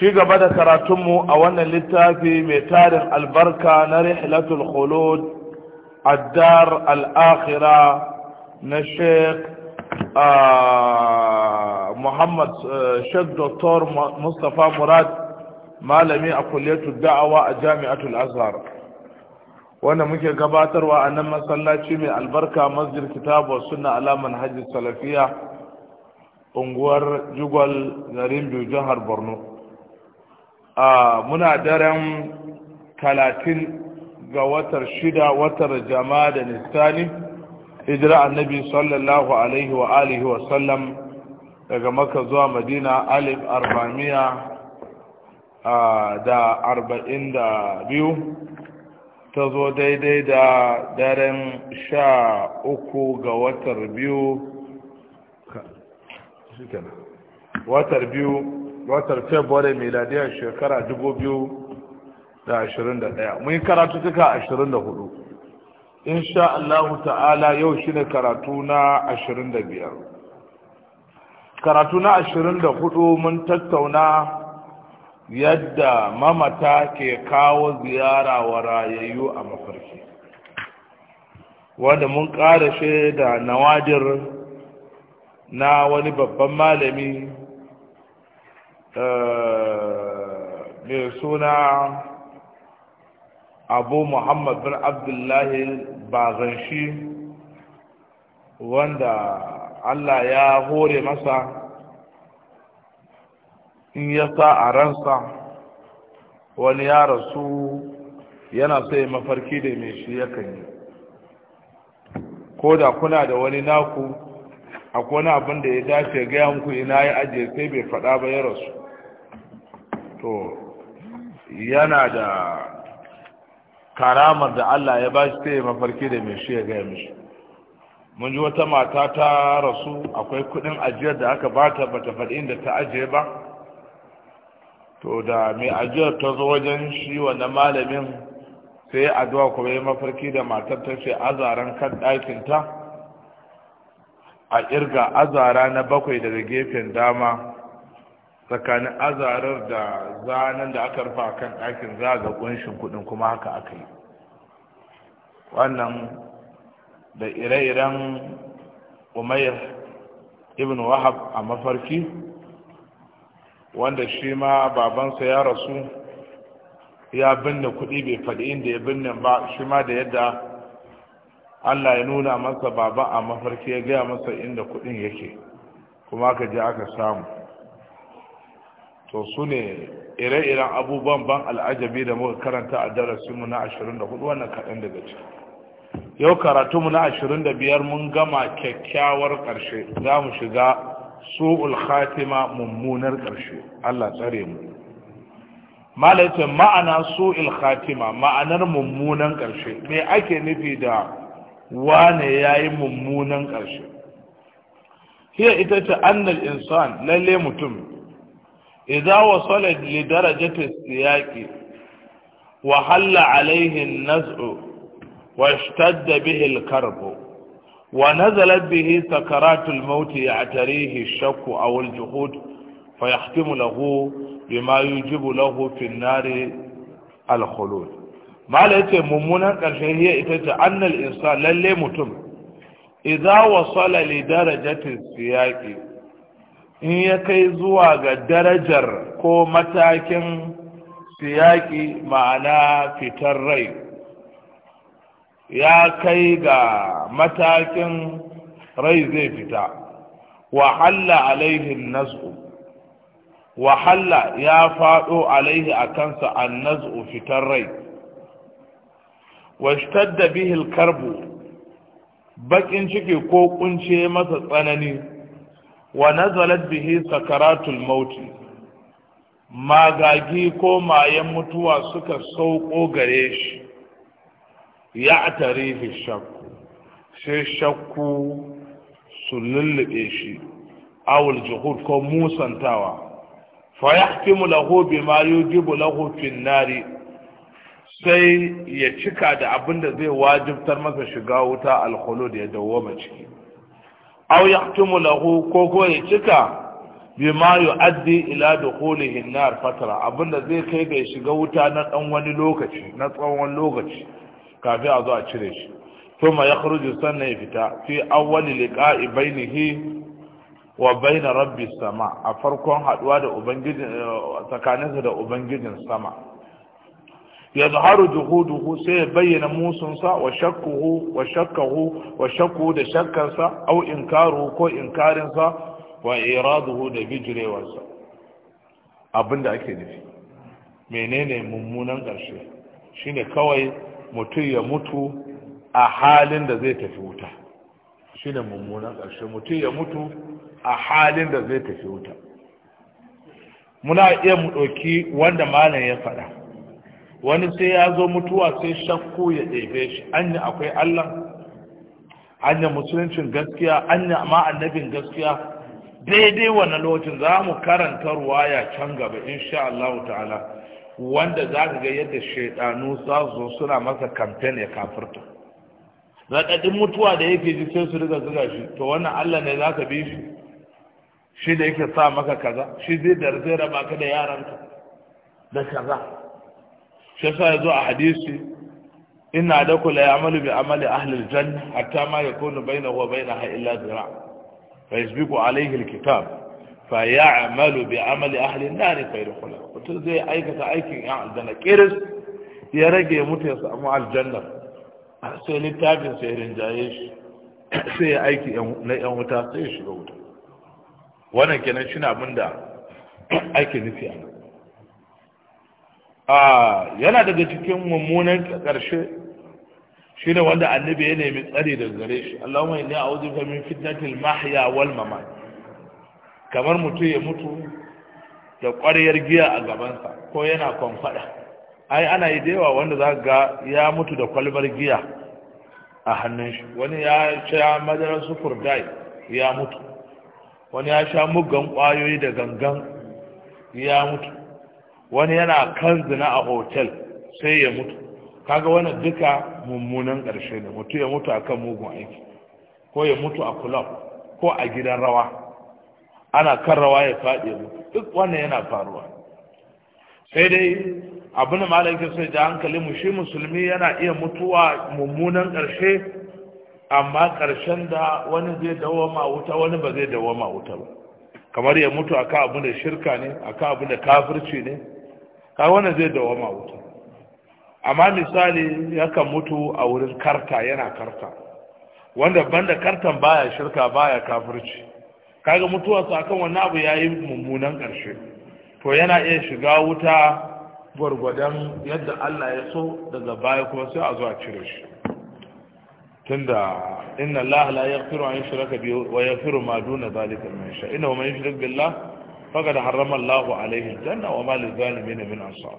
ci gaba da karatunmu a wannan littafi mai tarin albarka na rihlatul khulud addar al'akira na sheik ah, muhammad eh, dr mustapha murad malami a kulletu da'awa a jami'atul azhar wanda muke gabatarwa a nan masallaci mai albarka masjid kitabu suna alaman hajji salafiya unguwar jugal garin biyu jihar borno muna daren talatin ga watar shida watar jama'a da nisani hijira annabi sallallahu alaihi wa alihi wa sallam daga maka zuwa madina alif arba'amiya da arba'in da biyu ta zo daidai da daren sha uku ga watar biyu watar biyu watar february miladiyar shekara 2021 mun yi karatu duka 24 insha Allah ta'ala yau shi ne karatu na 25 karatu na 24 mun tattauna yadda mamata ke kawo ziyara wa rayayyu a mafarki wanda mun ƙara da nawadir na wani babban malami Eh, mai suna abu muhammad bin abdullahi bazanshi wanda allah ya hore masa in ya sa a ransa wani ya rasu yana sai mafarki da mai shi yakan yi ko da kuna da wani naku akwai wani abin da ya dace gaya muku ina ya ajiye sai bai faɗa ba ya rasu to yana da karamar da Allah ya ba shi ta yi mafarki da mai shi ya gaya mishi mun ji wata mata ta rasu akwai kudin ajiyar da aka bata bata faɗi inda ta ajiye ba to da mai ajiyar ta zo wajen shi na malamin sai addu'a kuma yi mafarki da matar ta ce azaran kan ɗakin ta a ƙirga azara na bakwai daga gefen dama tsakanin azarar da zanen da aka rufa kan ɗakin za ga ƙunshin kuɗin kuma haka aka yi wannan da ire-iren umair ibn wahab a mafarki wanda shi ma babansa ya rasu ya binne kuɗi bai faɗi inda ya binne ba shi ma da yadda allah ya nuna masa baba a mafarki ya gaya masa inda kuɗin yake kuma aka je aka samu to su ne ire-iren abubuwan ban al'ajabi da muka karanta a darasinmu na 24 wannan kaɗan daga ciki yau karatunmu na 25 mun gama kyakkyawar ƙarshe za mu shiga su khatima mummunar ƙarshe Allah tsare mu malaita ma'ana su khatima ma'anar mummunan ƙarshe me ake nufi da wane yayi mummunan ƙarshe hiya ita ce annal insan lalle mutum إذا وصل لدرجة السياق وحل عليه النزع واشتد به الكرب ونزلت به سكرات الموت يعتريه الشك أو الجهود فيختم له بما يجب له في النار الخلود ما لأتي ممونا كرشه هي أن الإنسان للي متم إذا وصل لدرجة السياق in ya kai zuwa ga darajar ko matakin siyaki ma'ana fitar rai ya kai ga matakin rai zai fita wahalla alaihi nazu wahalla ya faɗo alaihi a kansa an nazu fitar rai da bihil karbu bakin ciki ko kunce masa tsanani wa nazalat bihi sakaratul mauti magagi ko mayan mutuwa suka sauko gare shi ya tarihi shakku sai shakku su lullube shi awul juhud ko musantawa fa yahkimu lahu bima yujibu lahu nari sai ya cika da abin da zai wajibtar masa shiga wuta alkhulud ya dawwama ciki aw yaqtumu lahu ko ko ya cika bima yu'addi ila dukhulihi an-nar fatra abinda zai kai ga shiga wuta na dan wani lokaci na tsawon lokaci kafin a zo a cire shi ya yakhruju sanna ya fita fi awwali liqa'i bainihi wa bain rabbi sama a farkon haduwa da ubangijin eh, tsakaninsa da ubangijin sama يظهر جهوده سيبين موسنسا وشكه وشكه وشكه ده شكرسا أو إنكاره كو إنكارنسا وإراده ده بجريوانسا abin da ake nufi menene mummunan ƙarshe shine kawai mutum ya mutu a halin da zai tafi wuta shine mummunan ƙarshe mutum ya mutu a halin da zai tafi wuta muna iya mu ɗauki wanda malam ya faɗa wani sai ya zo mutuwa sai shakku ya ɗebe shi anya akwai Allah anya musuluncin gaskiya anya ma annabin gaskiya daidai wani lokacin za mu karanta ruwaya can gaba insha Allah ta'ala wanda za ka ga yadda shaidanu za su suna masa kamfen ya kafirta raɗaɗin mutuwa da yake ji sai su riga zuga shi to wannan Allah ne za ka bi shi shi da yake sa maka kaza shi zai da raba da yaranka da kaza shi yasa zo a hadisi ina da kula ya amalu bi amali ahli aljanna hatta ma yakunu bainahu wa bainaha illa zira fa yasbiqu alayhi alkitab fa ya'malu bi amali ahli an-nar fa yadkhula mutum zai aikata aikin yan aljanna kiris ya rage mutu ya samu aljanna sai littafin sai rinjaye shi sai ya aiki na yan wuta sai ya shiga wuta wannan kenan shi na abin da ake nufi a nan. yana daga cikin mummunan ƙarshe shi ne wanda annabi ya nemi tsari daga gare shi Allahumma inni a'udhu bika min fitnatil mahya wal mamat kamar mutum ya mutu da ƙwaryar giya a gabansa ko yana kwamfada ai ana yi da yawa wanda za ga ya mutu da kwalbar giya a hannun shi wani ya sha madarar sufur dai ya mutu wani ya sha muggan ƙwayoyi da gangan ya mutu wani yana kan zina a hotel sai ya mutu kaga wani duka mummunan ƙarshe ne mutu ya mutu akan mugun aiki ko ya mutu a club ko a gidan rawa ana kan rawa ya faɗi mutu duk wannan yana faruwa sai dai abin malam ke sai da hankali mu shi musulmi yana iya mutuwa mummunan ƙarshe amma ƙarshen da wani zai dawoma wuta wani ba zai dawoma wuta ba kamar ya mutu akan abin da shirka ne akan abin da kafirci ne ka wanda zai dawama wuta amma misali yakan mutu a wurin karta yana karta wanda banda kartan baya shirka baya kafirci kaga mutuwarsa akan wannan abu yayi mummunan karshe to yana iya shiga wuta gwargwadon yadda Allah ya so daga baya kuma sai a zo a cire shi tunda inna Allah la yaghfiru an yushraka bihi wa yaghfiru ma duna zalika liman yasha inna man yushrik billah faqad harrama Allahu alaihi janna wa ma lil zalimin min ansar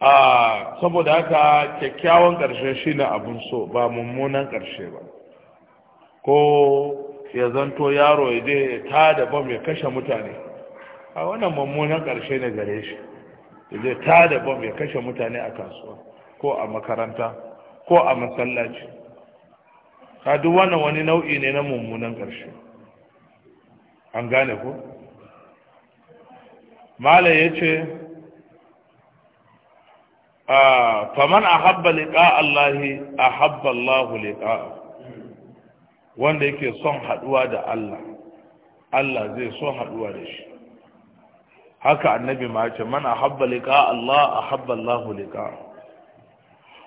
a saboda haka kyakkyawan ƙarshe shi ne abin so ba mummunan ƙarshe ba ko ya zanto yaro ya je ta da bam ya kashe mutane a wannan mummunan ƙarshe ne gare shi ya je ta da bam ya kashe mutane a kasuwa ko a makaranta ko a masallaci ka duk wannan wani nau'i ne na mummunan ƙarshe. an gane ku mala ya ce ah, faman a habba liƙa Allahi a habba Allahu liƙa wanda yake son haɗuwa da Allah Allah zai son haɗuwa da shi haka annabi ma ce man a habba liƙa Allah a habba Allahu liƙa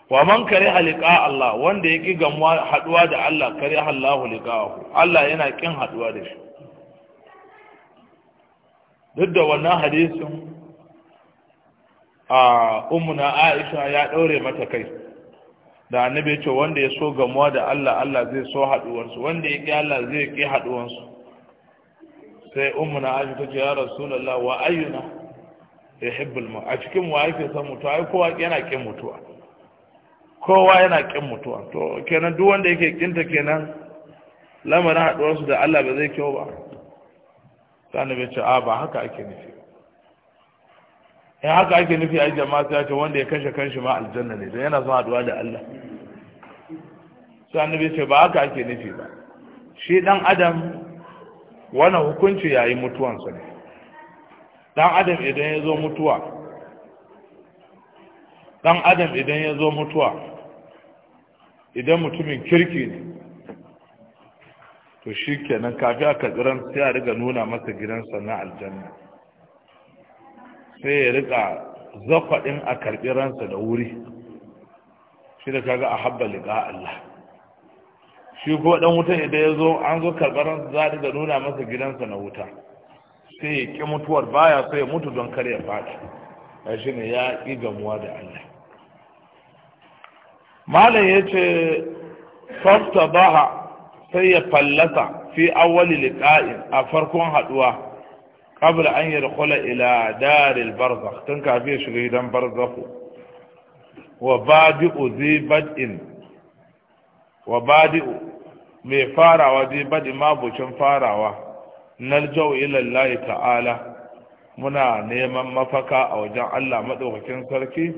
wa man kare halika Allah wanda yake gamuwa haɗuwa da Allah kare Allahu liqa'ahu Allah yana ƙin haɗuwa da shi duk da wannan hadisin a umuna aisha ya ɗaure mata kai da annabi ce wanda ya so gamuwa da Allah Allah zai so haɗuwarsu wanda ya ƙi Allah zai ƙi haɗuwarsu sai umuna aisha ta ce ya rasulullah wa ayyuna hibbul mu a cikin wa ake son mutuwa ai kowa yana ƙin mutuwa kowa yana ƙin mutuwa to kenan duk wanda yake ƙinta kenan lamarin haɗuwarsu da Allah ba zai kyau ba sai annabi ce a ba haka ake nufi in haka ake nufi ai jama'a sai ce wanda ya kashe kanshi ma aljanna ne don yana son haduwa da Allah sai annabi ce ba haka ake nufi ba shi dan adam wannan hukunci mutuwan sa ne dan adam idan ya zo mutuwa dan adam idan ya zo mutuwa idan mutumin kirki ne to shi kenan kafi a karɓiran sai a riga nuna masa gidansa na aljanna sai ya riga zafaɗin a karɓiransa da wuri shi da kaga a habba liƙa Allah shi ko ɗan wutan idan ya zo an zo ransa za a riga nuna masa gidansa na wuta sai ya ƙi mutuwar baya sai ya mutu don kar ya faɗi ya shi ne ya ƙi gamuwa da Allah malam ya ce fafta sai ya fallasa fi awwali liqa'in a قبل أن يدخل إلى دار البرزخ تنكع فيه شهيدا برزخ وبادئ ذي بدء وبادئ مي فارع وذي بدء ما بوشن فارع نلجو إلى الله تعالى منا نيما مفكا أو جاء الله مدوغ كنسركي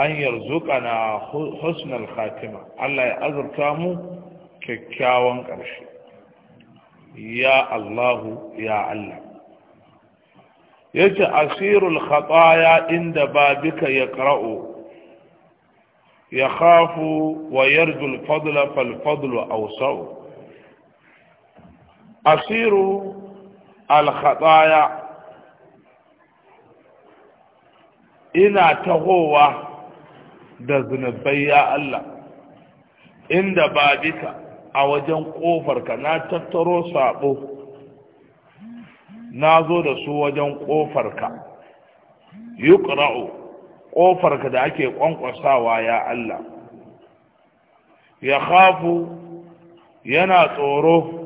أن يرزقنا حسن الخاتمة الله يأذر كامو kyakkyawan ƙarshe ya Allahu ya Allah yace asirul khataya inda babika yaqra'u يخاف ويرجو الفضل فالفضل أوسع أسير الخطايا ina tahowa da zunubai ya Allah inda ba bisa a wajen ƙofarka na tattaro saɓo na zo da su wajen ƙofarka yuqra'u ƙofarka da ake ƙwanƙwasawa ya Allah ya khafu yana tsoro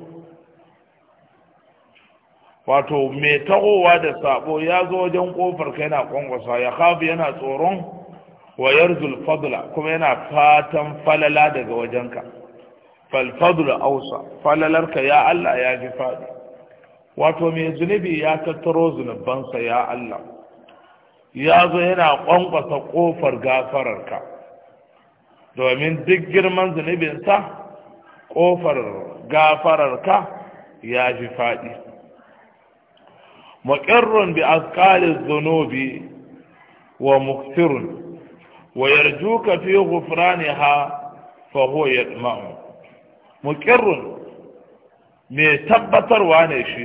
wato mai tahowa da sabo ya zo wajen ƙofarka yana ƙwanƙwasa ya khafu yana tsoron wayar zulfadla kuma yana fatan falala daga wajenka falfadlu ausa falalarka ya Allah ya ji faɗi wato mai zunubi ya tattaro zunubansa ya Allah ya zo yana kwankwasa ƙofar gafararka domin duk girman zunubinsa ƙofar gafararka ya ji faɗi muƙirrun bi asƙalin zunubi wa muktirun wa yarjuka fi ghufraniha fa huwa yadma'u muqirrun mai tabbatarwa ne shi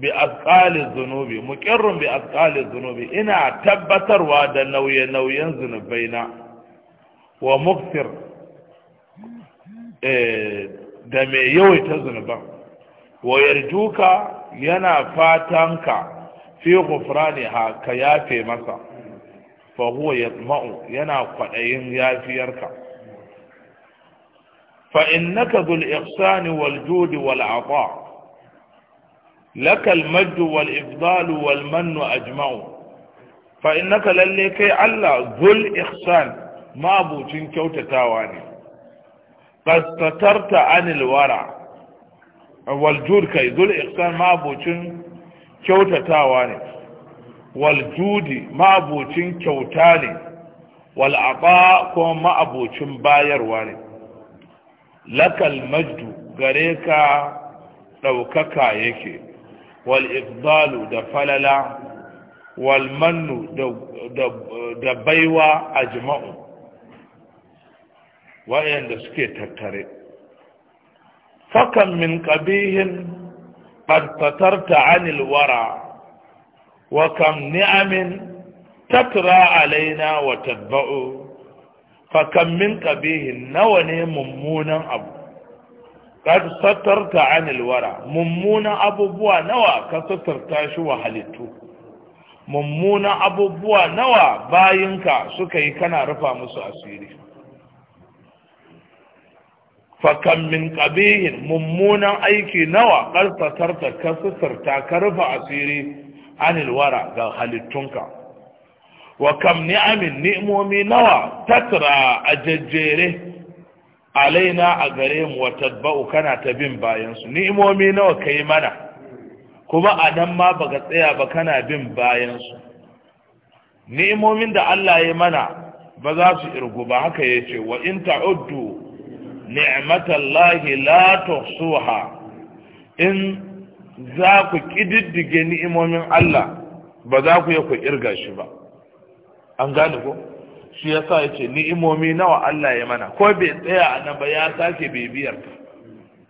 bi azqali zunubi muqirrun bi azqali zunubi ina tabbatarwa da nauye nauyen na wa muktir eh, da mai yawaita zunuban wa yarjuka yana fatanka fi ghufraniha ka yafe masa fa huwa yatma'u yana kwaɗayin yafiyarka فإنك ذو الإحسان والجود والعطاء لك المجد والإفضال والمن أجمع فإنك لليك ألا ذو الإحسان ما أبو تنكو تاواني قد سترت عن الورع والجود كي ذو الإحسان ما أبو تنكو تتاواني والجود ما تنكو تاني والعطاء أبو تنباير واني lakal majdu gare ka ɗaukaka yake wal ifdalu da falala wal mannu da baiwa a jima'u wa'yanda suke tattare fakan min ƙabihin ƙarfatarta anil wara wa kam ni'amin tatra alaina wa tadba'u fakan min kabihi nawa ne mummunan abu ka sattarta anil wara mummunan abubuwa nawa ka sattarta shi wa halittu mummunan abubuwa nawa bayinka suka yi kana rufa musu asiri fakan min kabihi mummunan aiki nawa karsatarta ka suturta ka rufe asiri anil wara ga halittunka wa kam ni'amin ni'momi nawa tatra a jejjere alaina a gare mu wa tadba'u kana ta bin bayansu ni'momi nawa kai mana kuma a nan ma baka tsaya ba kana bin bayansu ni'imomin da Allah ya mana ba za su irgu ba haka ya ce wa in ta'uddu ni'matallahi la tuhsuha in za ku kididdige ni'imomin Allah ba za ku yi ku irga shi ba an gane ko shi ya sa ya ce ni'imomi nawa Allah ya mana ko bai tsaya a nan ba ya sake bibiyar ta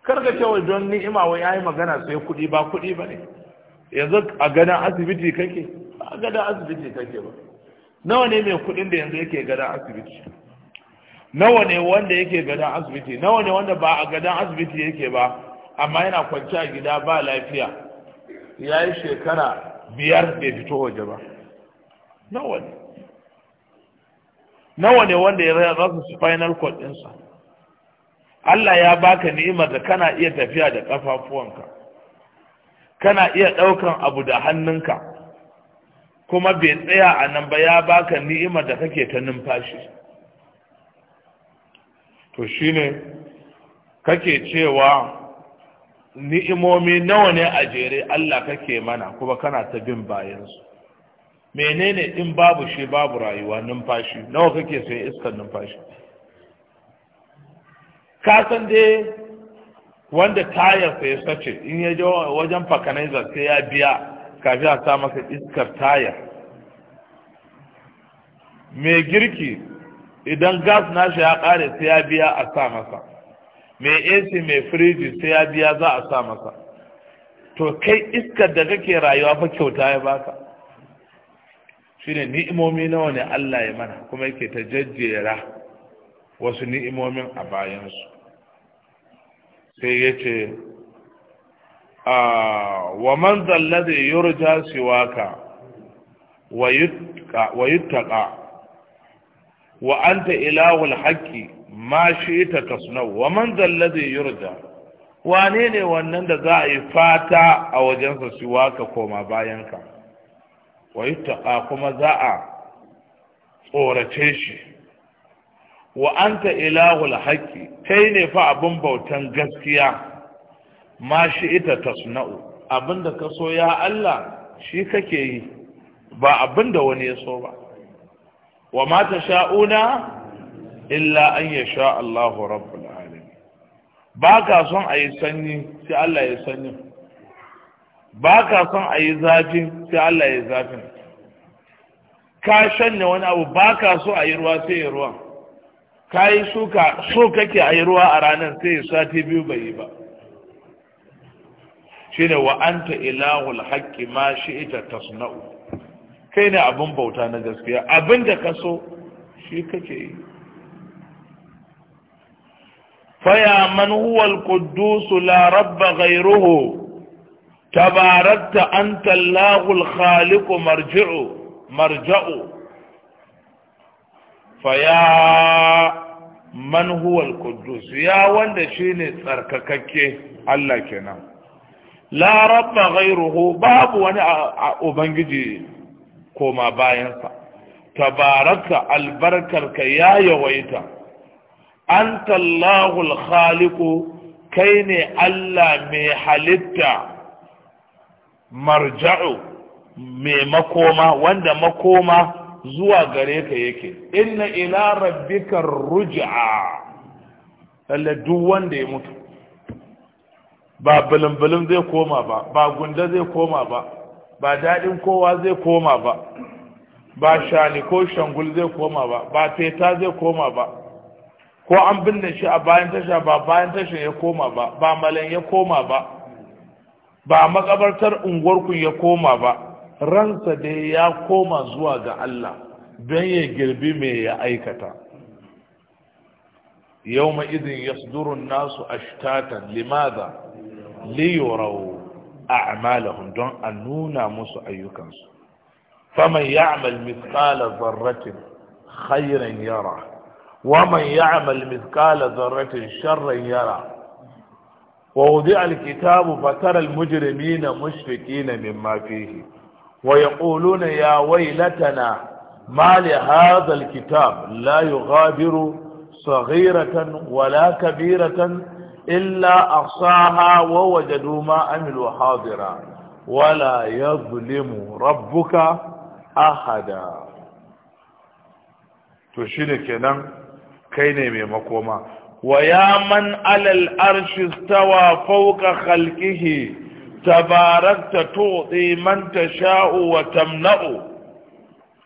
karka cewa don ni'ima wai ya yi magana sai kuɗi ba kuɗi ba ne yanzu a gadan asibiti kake ba a gadan asibiti kake ba nawa ne mai kuɗin da yanzu yake gadan asibiti nawa ne wanda yake gadan asibiti nawa ne wanda ba a gadan asibiti yake ba amma yana kwanciya a gida ba lafiya ya yi shekara biyar bai fito waje ba nawa ne nawa ne wanda ya rasa su final court ɗinsa Allah ya baka ni'imar da kana iya tafiya da ƙafafuwanka kana iya ɗaukan abu da hannunka kuma bai tsaya a nan ba ya baka ni'imar da kake ta numfashi to shine kake cewa ni'imomi nawa ne a jere Allah kake mana kuma kana ta bin bayansu menene in babu shi babu rayuwa numfashi nawa kake sai iskar numfashi ka san dai wanda tayar sa ya sace in ya je wajen fakanaiza sai ya biya kafin a sa masa iskar tayar mai girki idan gas nashi ya kare sai ya biya a sa masa mai ac mai firiji sai ya biya za a sa masa to kai iskar da kake rayuwa fa kyauta ya baka shine ni'imomi nawa ne Allah ya mana kuma yake ta jajjera wasu ni'imomin a bayansu sai ya ce wa man zallade yurja siwaka wa yuttaka wa anta ilahul haqqi ma shi'ta tasnau wa man zallade yurja wane ne wannan da za a yi fata a wajensa siwaka koma bayanka wa yuttaqa kuma za a tsorace shi wa anta ilahul haqqi kai ne fa abin bautan gaskiya ma shi ita tasna'u abinda ka so ya Allah shi kake yi ba abinda wani ya so ba wa ma tasha'una illa an yasha Allahu rabbul alamin ba ka son a yi sanyi sai Allah ya sanyi ba ka son a yi zafin sai Allah ya zafin ka shanya wani abu ba ka so a yi ruwa sai ya ruwa. ka yi suka so kake a yi ruwa a ranar sai ya sati biyu bai yi ba shi ne wa an ta ilahul haƙƙi ma shi ita tasna'u kai ne abin bauta na gaskiya abin da ka so shi kake yi faya man huwal quddusu la rabba ghayruhu tabarakta anta allahul khaliqu marji'u marja'u faya man huwal ya wanda shine tsarkakakke Allah kenan la rabba babu wani ubangiji koma bayansa tabaraka albarkarka ya yawaita anta allahul khaliqu kai ne Allah mai halitta marja'u mai makoma wanda makoma zuwa gare ka yake inna ila rabbika ruj'a lalle duk wanda ya mutu ba bulumbulum zai koma ba ba gunda zai koma ba ba dadin kowa zai koma ba ba shani ko shangul zai koma ba ba feta zai koma ba ko an binne shi a bayan tasha ba bayan tasha ya koma ba ba malan ya koma ba ba makabartar unguwarku ya koma ba ransa dai ya koma zuwa ga Allah don ya girbi mai ya aikata yau ma izin ya sudurun nasu ashtatan limaza liyarau a'malahum don a nuna musu ayyukansu faman ya'mal mithqala dharratin khairan yara wa man ya'mal mithqala dharratin sharran yara ووضع الكتاب فترى المجرمين مشفقين مما فيه ويقولون يا ويلتنا ما لهذا الكتاب لا يغادر صغيرة ولا كبيرة إلا أحصاها ووجدوا ما عملوا حاضرا ولا يظلم ربك أحدا تشيني كنان كيني مكوما ويا من على الأرش استوى فوق خلقه تباركت تعطي من تشاء وتمنع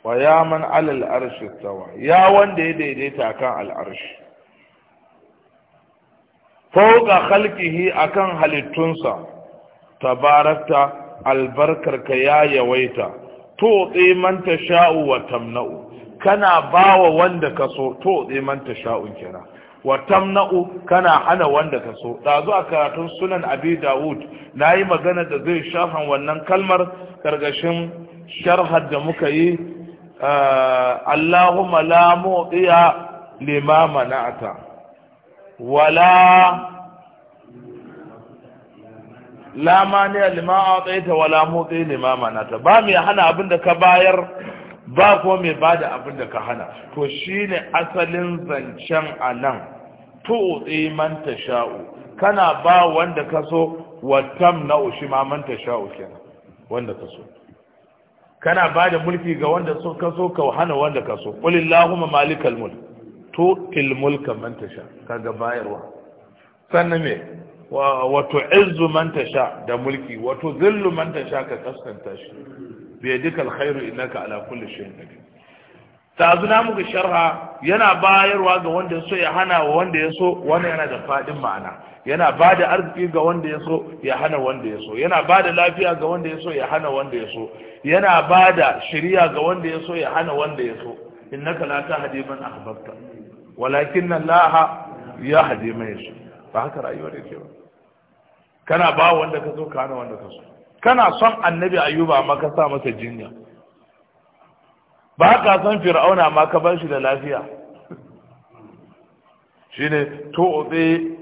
ويا من على الأرش استوى يا وان دي دي دي تاكان الأرش فوق خلقه أكان هل تنسى تباركت albarkarka ya yawaita to man ta sha'u wa tamna'u kana bawa wanda ka so wa tamna'u kana hana wanda ka so ɗazu a karatun sunan abi dawud na yi magana da zai shafan wannan kalmar kargashin sharhar da muka yi ah, allahumma la mu'tiya lima mana'ata wala la mani lima wala mu'ti lima mana'ata ba mai hana abin da ka bayar ba ko mai ba da abin da ka hana to shi ne asalin zancen a nan tu'uɗi man ta sha'u kana ba wanda ka so wattam na ushi ma man ta sha'u kenan wanda ka so kana ba da mulki ga wanda so ka so ka hana wanda ka so allahumma malikal mulk til mulka man ta sha kaga bayarwa sannan me wa izzu man ta sha da mulki wato zillu man ta sha ka kaskanta shi بيدك الخير إنك على كل شيء قدير tazuna muku sharha yana bayarwa ga wanda ya so ya hana wa wanda ya so wani yana da fadin ma'ana yana ba da arziki ga wanda ya so ya hana wanda ya so yana ba da lafiya ga wanda ya so ya hana wanda ya so yana ba da shiriya ga wanda ya so ya hana wanda ya so innaka la tahdi man ahbabta walakin Allah yahdi man yasha ba haka rayuwar yake ba kana ba wanda ka so ka hana wanda ka so kana son annabi ayuba amma ka sa masa jinya ba ka san fir'auna ma ka bar shi da lafiya shine to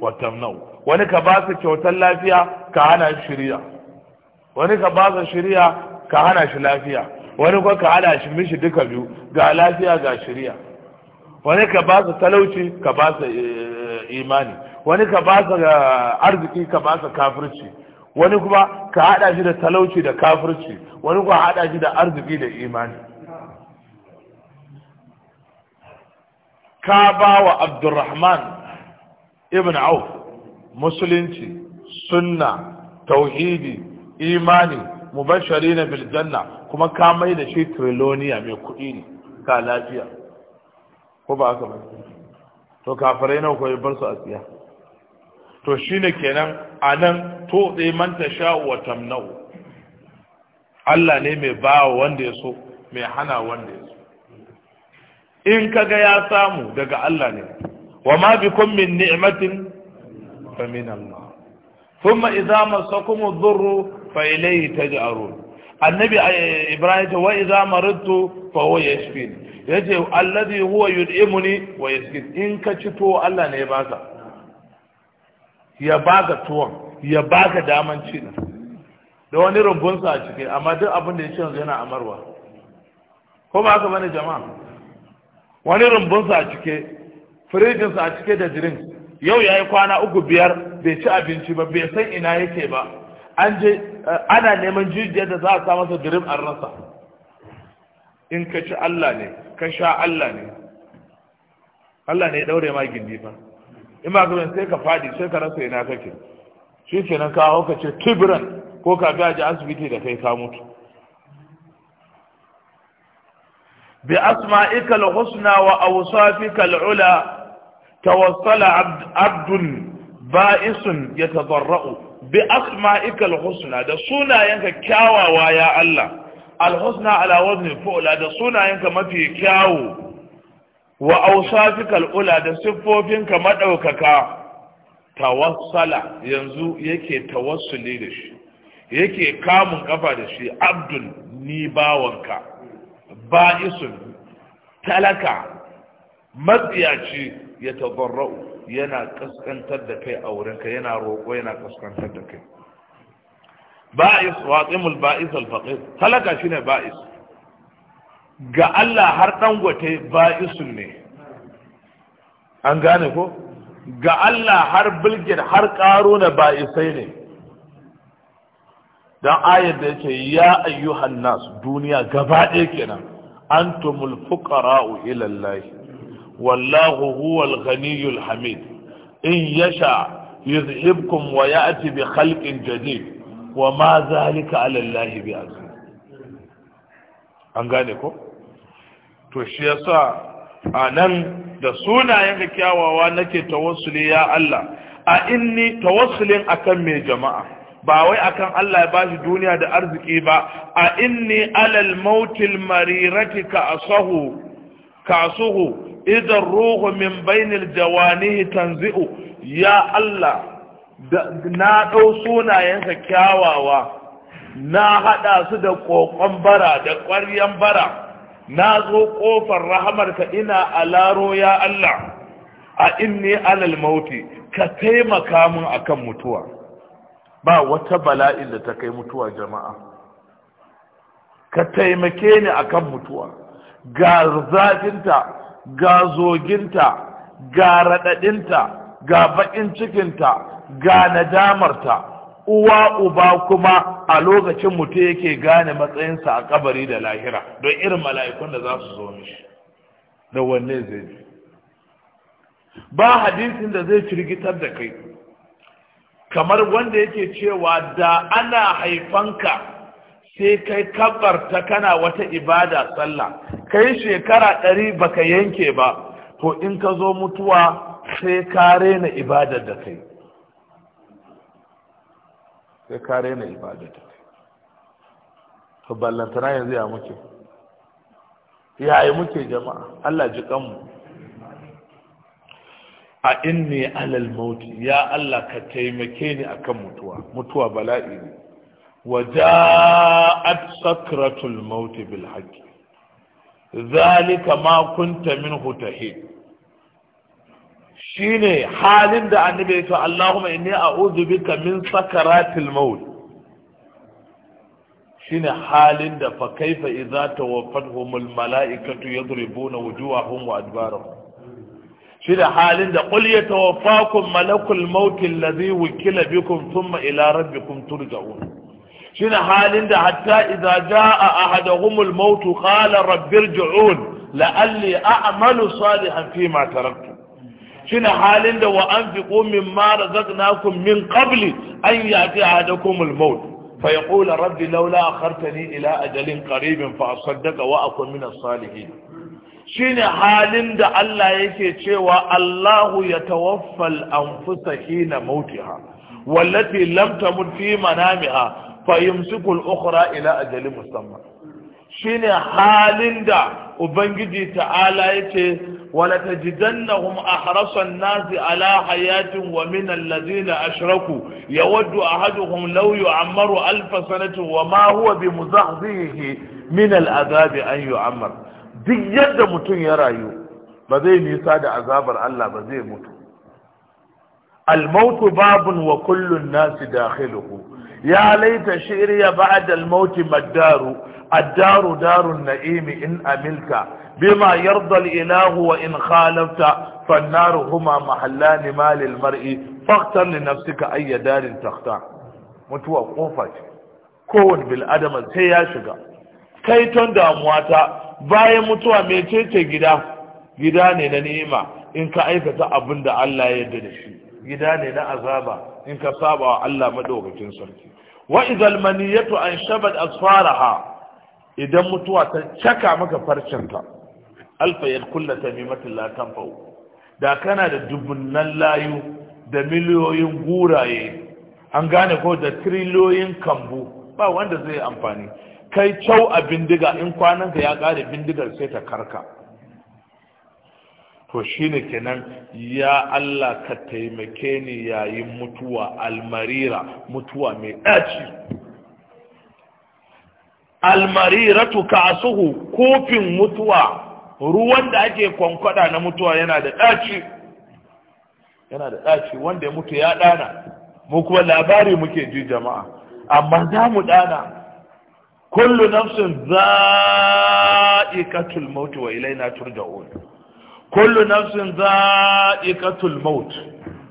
wa tamnau wani ka ba su kyautar lafiya ka hana shirya wani ka ba su shirya ka hana shi lafiya wani kuma ka hana shi mishi duka biyu ga lafiya ga shirya wani ka ba su talauci ka ba su eh, imani wani ka ba su eh, arziki ka ba su kafirci wani kuma ka haɗa shi da talauci da kafirci wani kuma haɗa shi da arziki da imani ka ba wa abdurrahman ibn auf musulunci sunna tauhidi imani mu mubashari na biljanna kuma ka mai da shi tiriloniya mai kuɗi ne ka lafiya ko ba aka ba to kafirai nawa ko bar su a tsiya to shi ne kenan anan to dai manta sha wa tamna'u Allah ne mai bawa wanda ya so mai hana wanda ya so in kaga ya samu daga Allah ne wa ma bikum min ni'matin fa min Allah thumma idza masakum ad-durru fa ilayhi taj'arun annabi eh, ibrahim wa idza maridtu fa huwa yashfin yace alladhi huwa yud'imuni wa yasqin in ka ci to Allah ne ya baka ya baka tuwon ya baka daman ci da wani rumbunsa a ciki amma duk abin da ya ce yanzu yana amarwa ko ba haka bane jama'a wani rumbunsa a cike sa a cike da jirin yau ya yi kwana uku biyar bai ci abinci ba bai san ina yake ba an je eh, ana neman jijiyar da za a sa masa jirin an rasa in ka ci Allah ne ka sha Allah ne Allah ne ya daure ma gindi fa in ba gaban sai ka fadi sai ka rasa ina kake shi kawo ka ce tibran ko ka gaji asibiti da kai ka mutu bi asma'ika al-husna wa awsafika al-ula tawassala abdun ba'isun yatadarra'u bi asma'ika al-husna da sunayenka kyawawa ya Allah al-husna ala wazni fu'la da sunayenka mafi kyawu wa ausafikal ula da siffofinka madaukaka tawassala yanzu yake tawassuli da shi yake kamun kafa da shi abdul ni bawanka ba'isun talaka matsiyaci ya tabarra'u yana kaskantar da kai a wurinka yana roƙo yana kaskantar da kai ba'is wa ba'is al-faqir talaka shine ba'is ga Allah har dangote ba'isun ne an gane ko ga Allah har bilgir har ƙaro na ba'isai ne don ayar da yake ya ayyuhan nas duniya gaba ɗaya kenan antumul fuqara'u ila Allah wallahu huwal ghaniyyul hamid in yasha يذهبكم ويأتي بخلق جديد وما ذلك على bi بعزيز an gane ko to shi yasa a nan da sunayen da kyawawa nake tawassuli ya Allah a inni tawassulin akan mai jama'a ba wai akan Allah ya bashi duniya da arziki ba a inni alal mautil marirati ka asahu ka asuhu idan ruhu min bainil jawanihi tanzi'u ya Allah na ɗau sunayensa kyawawa na haɗa su da ƙoƙon bara da ƙwaryan bara na zo ƙofar rahamarka ina alaro ya Allah a inni alal mauti ka taimaka mun akan mutuwa ba wata bala'i da ta kai mutuwa jama'a ka taimake ni akan mutuwa ga zafinta ga zoginta ga raɗaɗinta ga baƙin cikinta ga nadamarta uwa uba kuma a lokacin mutum yake gane matsayinsa a kabari da lahira don irin mala'ikun da za su zo mishi da wanne zai ji ba hadisin da zai firgitar da kai kamar wanda yake cewa da ana haifanka sai kai kabarta kana wata ibada sallah kai shekara ɗari baka yanke ba to in ka zo mutuwa sai ka rena ibadar da kai sai ka raina ibadata to ballantana yanzu ya muke yayi muke jama'a Allah ji kanmu a inni alal mauti ya Allah ka taimake ni akan mutuwa mutuwa bala'i ne waja'at sakratul mauti bil haqq zalika ma kunta minhu tahid shine halin da annabi ya ce Allahumma inni a'udhu bika min sakaratil maut shine halin da fa kaifa idza tawaffatuhumul malaikatu yadribuna wujuhahum wa adbarahum shine halin da qul yatawaffakum malakul maut alladhi wukila bikum thumma ila rabbikum turja'un shine halin da hatta idza jaa ahaduhumul maut qala rabbirji'un la'alli a'malu salihan fima taraktu shine halin da wa anfiqu mimma razaqnakum min qabli an yati ahadakumul maut fa yaqulu rabbi laula akhartani ila ajalin qaribin fa asaddaqa wa akun minas salihin shine halin da Allah yake cewa Allahu yatawaffal anfusa hina mautiha wallafi lam mutu fi manamiha fayumsiku al-ukhra ila ajalin musamma shine halin da ubangiji ta'ala yace ولتجدنهم أحرص الناس على حياة ومن الذين أشركوا يود أحدهم لو يعمر ألف سنة وما هو بمزحزحه من العذاب أن يعمر دي يد متن يرايو rayu يساد عذاب الله da متن الموت باب وكل الناس داخله ya laita shirya ba'da al-maut madaru ad-daru darun in aminta. bima yarda ilahu wa in khalafta fan huma mahallan mal mari fakhtar li nafsika ayya darin takhta mutuwa kofa ce kowane bil adama sai ya shiga Kai damuwa ta bayan mutuwa mecece gida gida ne na ni'ima in ka aikata abin da Allah ya yarda da shi gida ne na azaba in ka saba wa Allah madaukakin sarki wa idal maniyatu an shabat asfaraha idan mutuwa ta caka maka farcinka alfa yadkulla tamimatin la tanfa'u da kana da dubunnan layu da miliyoyin guraye an gane ko da triliyoyin kambu ba wanda zai amfani kai cau a bindiga in kwananka ya kare bindigar sai ta karka to shi ne kenan ya Allah ka taimake ni yayin mutuwa almarira mutuwa mai ɗaci almariratu ka asuhu kofin mutuwa ruwan da ake kwankwada na mutuwa yana da ɗaci yana da ɗaci wanda ya mutu ya ɗana mu kuma labari muke ji jama'a amma za mu ɗana kullu nafsin za'ikatul mautu wa ilaina turja'un كل نفس ذائقة الموت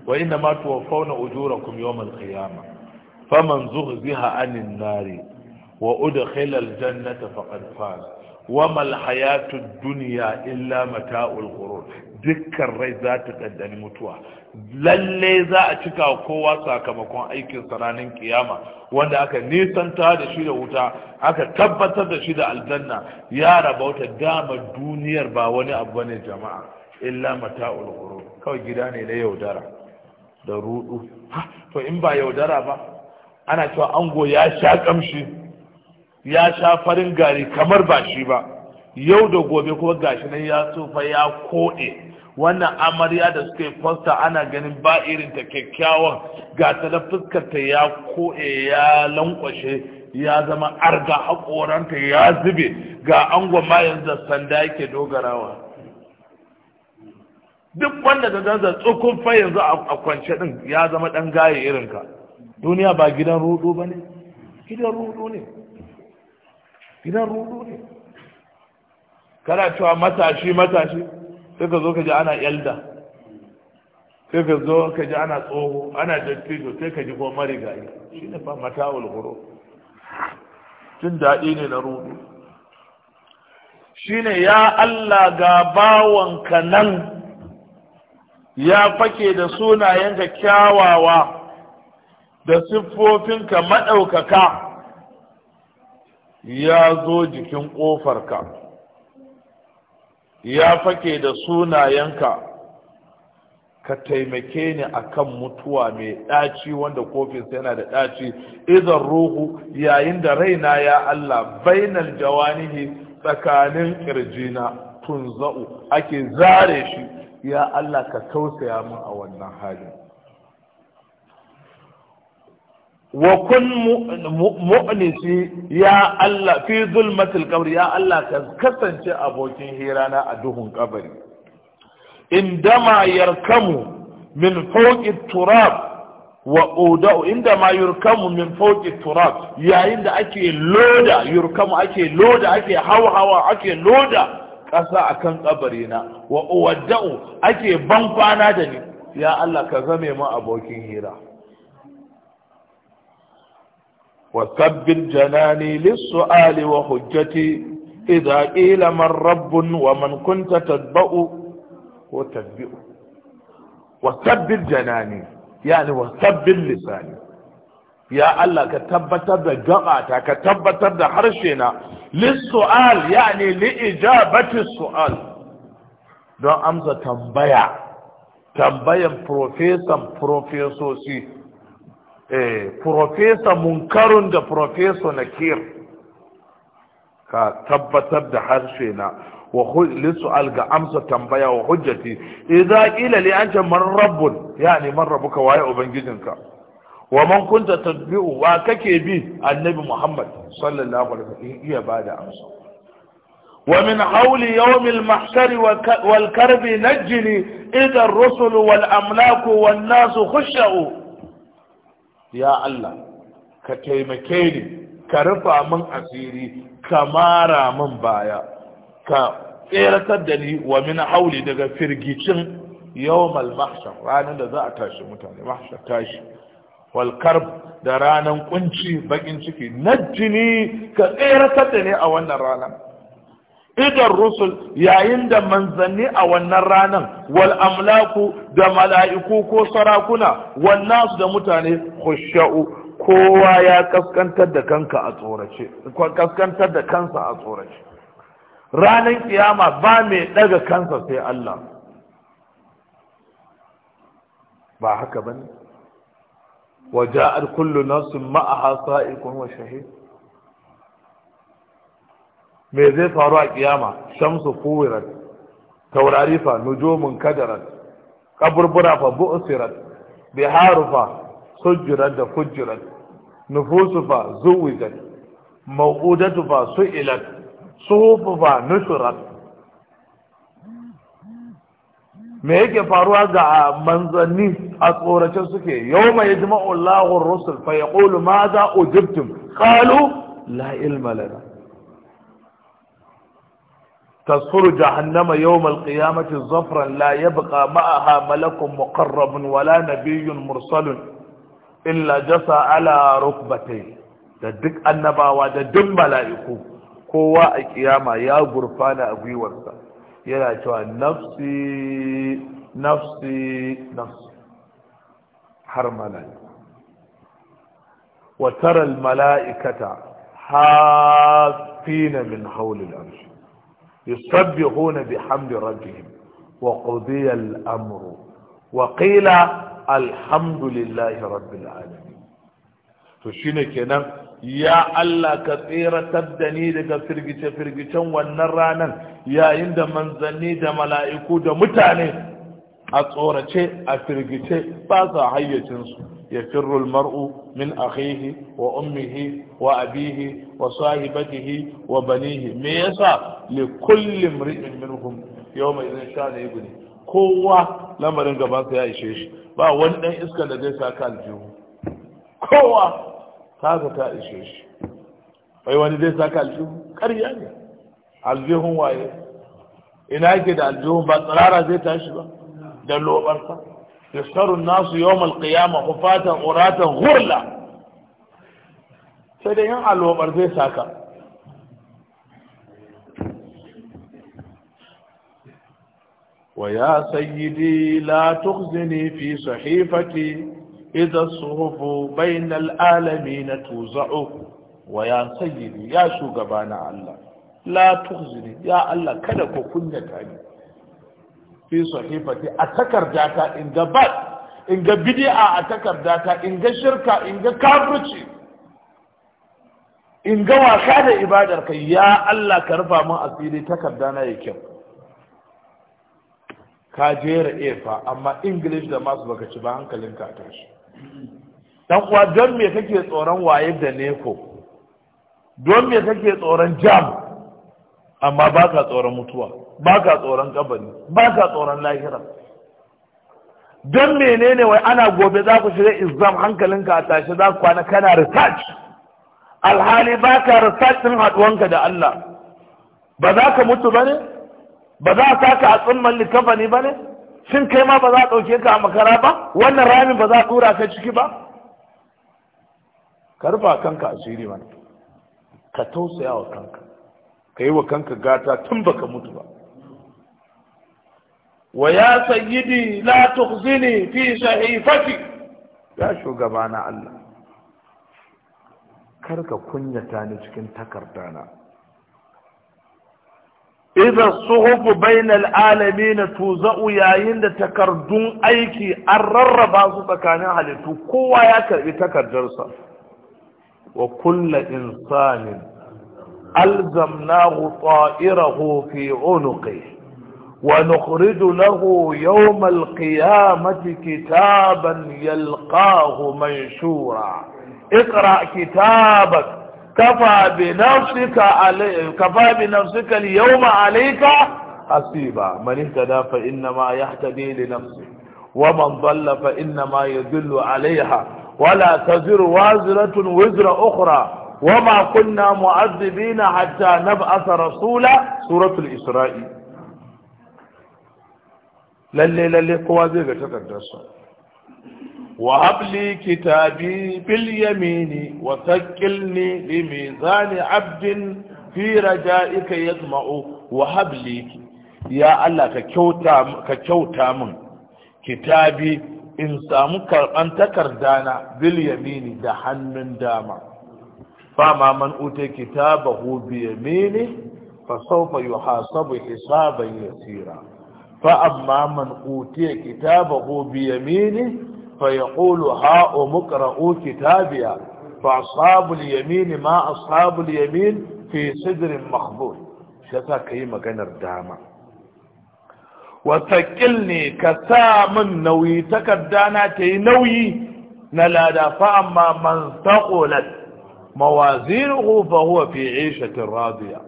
وإنما توفون أجوركم يوم القيامة فمن زغزها عن النار وأدخل الجنة فقد فاز وما الحياة الدنيا إلا متاء الغرور dukkan rai za ta ɗanɗani mutuwa lalle za a cika kowa sakamakon aikin sananin kiyama wanda aka nisanta da shi da wuta aka tabbatar da shi da aljanna ya rabauta dama duniyar ba wani abu ne jama'a illa mata'ul ghurur kawai gida ne na yaudara da rudu to in ba yaudara ba ana cewa ango ya sha kamshi ya sha farin gari kamar ba shi ba yau da gobe kuma gashi nan ya tsufa ya koɗe wannan amarya da suka yi fosta ana ganin ba irin ta kyakkyawan ga ta da fuskar ta ya koɗe ya lankwashe ya zama arga haƙoranta ya zube ga angon ma yanzu sanda yake dogarawa duk wanda da zanzar tsukun fa yanzu a kwance din ya zama ɗan gaye irinka duniya ba gidan rudu ba ne gidan rudu ne gidan rudu ne kana cewa matashi matashi sai ka zo ka ji ana yalda sai ka zo ka ji ana tsoho ana dattijo sai ka ji ko marigayi shi ne fa mata'ul huro jin daɗi ne na rudu ne ya Allah ga bawanka nan ya fake da sunayenka kyawawa da siffofinka maɗaukaka ya zo jikin ƙofarka ya fake da sunayenka ka taimake ni akan mutuwa mai ɗaci wanda kofinsa yana da ɗaci idan ruhu yayin da raina ya Allah bainal jawanihi tsakanin ƙirjina tun za'u ake zare shi ya Allah ka tausaya min a wannan halin wa kun mu'nisi ya Allah fi zulmatil qabri ya Allah ka kasance abokin na a duhun kabari indama yarkamu min fawqi turab wa udau indama yurkamu min fawqi turab yayin da ake loda yurkamu ake loda ake hawa ake loda ƙasa akan kabari na wa uwadda'u ake ban kwana da ni ya Allah ka zame mu abokin hira وثبت جناني للسؤال وحجتي إذا قيل من رب ومن كنت تتبأ وتتبئ وثبت جناني يعني وثبت لساني يا الله كتبت بجقعتا كتبت بحرشنا للسؤال يعني لإجابة السؤال دو أمزة تنبيع تنبيع بروفيسا بروفيسوسي professor munkarun da professor nakir ka tabbatar da harshe na wa lissu'al alga amsa tambaya wa hujjati idza ila li anta man rabbun yani man rabbuka waye ubangijinka wa man kunta tadbi'u wa kake bi annabi muhammad sallallahu alaihi wasallam iya bada amsa wa min hawli yawm al-mahshar wal karbi najjini idza ar-rusul wal amlaku wan nasu khushu ya Allah ka taimake ni ka rufa min asiri ka mara min baya ka tseratar da ni wa min hauli daga firgicin yawmal mahshar ranar da za a tashi mutane mahshar tashi wal karb da ranan kunci bakin ciki najjini ka tseratar da ni a wannan ranar idan rusul yayin da manzanni a wannan ranan, wal amlaku da mala'iku ko sarakuna wannan da mutane khusha'u kowa ya kaskantar da kanka a tsorace kaskantar da kansa a tsorace ranar kiyama ba mai daga kansa sai Allah ba haka bane waja'al kullu nafsin ma'aha sa'iqun wa shahid me zai faru a kiyama shamsu kuwirat taurari fa nujumun kadarat kaburbura fa bu'sirat biharu fa sujjirat da fujjirat nufusu fa zuwijat mau'udatu fa su'ilat suhufu fa nushurat me yake faruwa ga manzanni a tsorace suke yau mai jima'ullahu rusul fa ya ƙulu ma za ujibtum qalu la ilma تصفر جهنم يوم القيامة الظفرا لا يبقى معها ملك مقرب ولا نبي مرسل إلا جسى على ركبتين تدك النبا وددن ملائكو قوى اكياما يا غرفان أبي ورسا يلا شوى نفسي نفسي نفسي حرمنا وترى الملائكة حافين من حول الأرش yusabbihuna bihamdi rabbihim wa qudiya al-amru wa qila alhamdulillahi rabbil alamin to shine kenan ya Allah ka tseratar da ni daga firgice firgicen wannan ranar yayin da manzani da mala'iku da mutane a tsorace a firgice ba sa hayyacinsu يفر المرء من أخيه وأمه وأبيه وصاحبته وبنيه ميسا لكل امرئ منهم يوم اذا شان يبني قوة لما رنجا باسا يا إشيش با وانا إسكا لديسا كالجو قوة هذا كا إشيش ويوان ديسا كالجو كرياني يعني. الجوهم وايه إنا كده الجوهم باترارا زيتا إشبا دلو برسا yasharu nasu yawmal qiyama hufatan uratan hurla sai da yin alobar zai saka ويا سيدي لا تخزني في صحيفتي إذا الصحف بين العالمين توزع ويا سيدي يا شغبان الله لا تخزني يا الله كذا كنت fi sahifati a takarda in ga bad in ga bid'a a takarda in ga shirka in ga kafirci in ga wasa da ibadar kai ya Allah ka rufa mun asiri takarda na yake ka jera efa amma english da masu baka ci ba hankalin ka tashi dan kuwa don me kake tsoron waye da neko don me kake tsoron jam amma ba ka tsoron mutuwa ba ka tsoron kabari ba ka tsoron lahira don menene wai ana gobe za ku shiga izam hankalinka a tashi za ku kwana kana research alhali ba ka research din haduwanka da Allah ba za ka mutu ba ne ba za ka ka a tsumman likafani ba ne shin kai ma ba za a ɗauke ka a makara ba wannan ramin ba za a ɗora ka ciki ba ka rufa kanka asiri mana ka tausaya wa kanka ka yi wa kanka gata tun baka mutu ba ويا سيدي لا تخزني في صحيفتي يا شو قبانا الله كرك كنية تاني تكن تكردانا إذا الصحف بين العالمين توزأ يايين تكردون أيكي أرر باسو تكاني تقوى كوا يكرب تكردرسا وكل إنسان ألزمناه طائره في عنقه ونخرج له يوم القيامة كتابا يلقاه منشورا اقرأ كتابك كفى بنفسك, كفى بنفسك اليوم عليك حسيبا من اهتدى فإنما يهتدي لنفسه ومن ضل فإنما يدل عليها ولا تزر وازرة وزر أخرى وما كنا معذبين حتى نبعث رسولا سورة الإسرائيل lalle lalle kowa zai ga takardarsa wa habli kitabi bil yamini wa thaqqilni li mizani abdin fi raja'ika yasma'u wa habli ya Allah ka kyauta ka kyauta min kitabi in samu karban takardana bil yamini da hannun dama fama man ute kitabahu bi yamini fa sawfa yuhasabu hisaban yasira فأما من أوتي كتابه بيمينه فيقول ها أمقرأوا كتابيا فأصحاب اليمين ما أصحاب اليمين في صدر مخبول شتا كيما كان الدامة وتكلني كسام نوي تكدانا تي نوي نلادا فأما من ثقلت موازينه فهو في عيشة راضية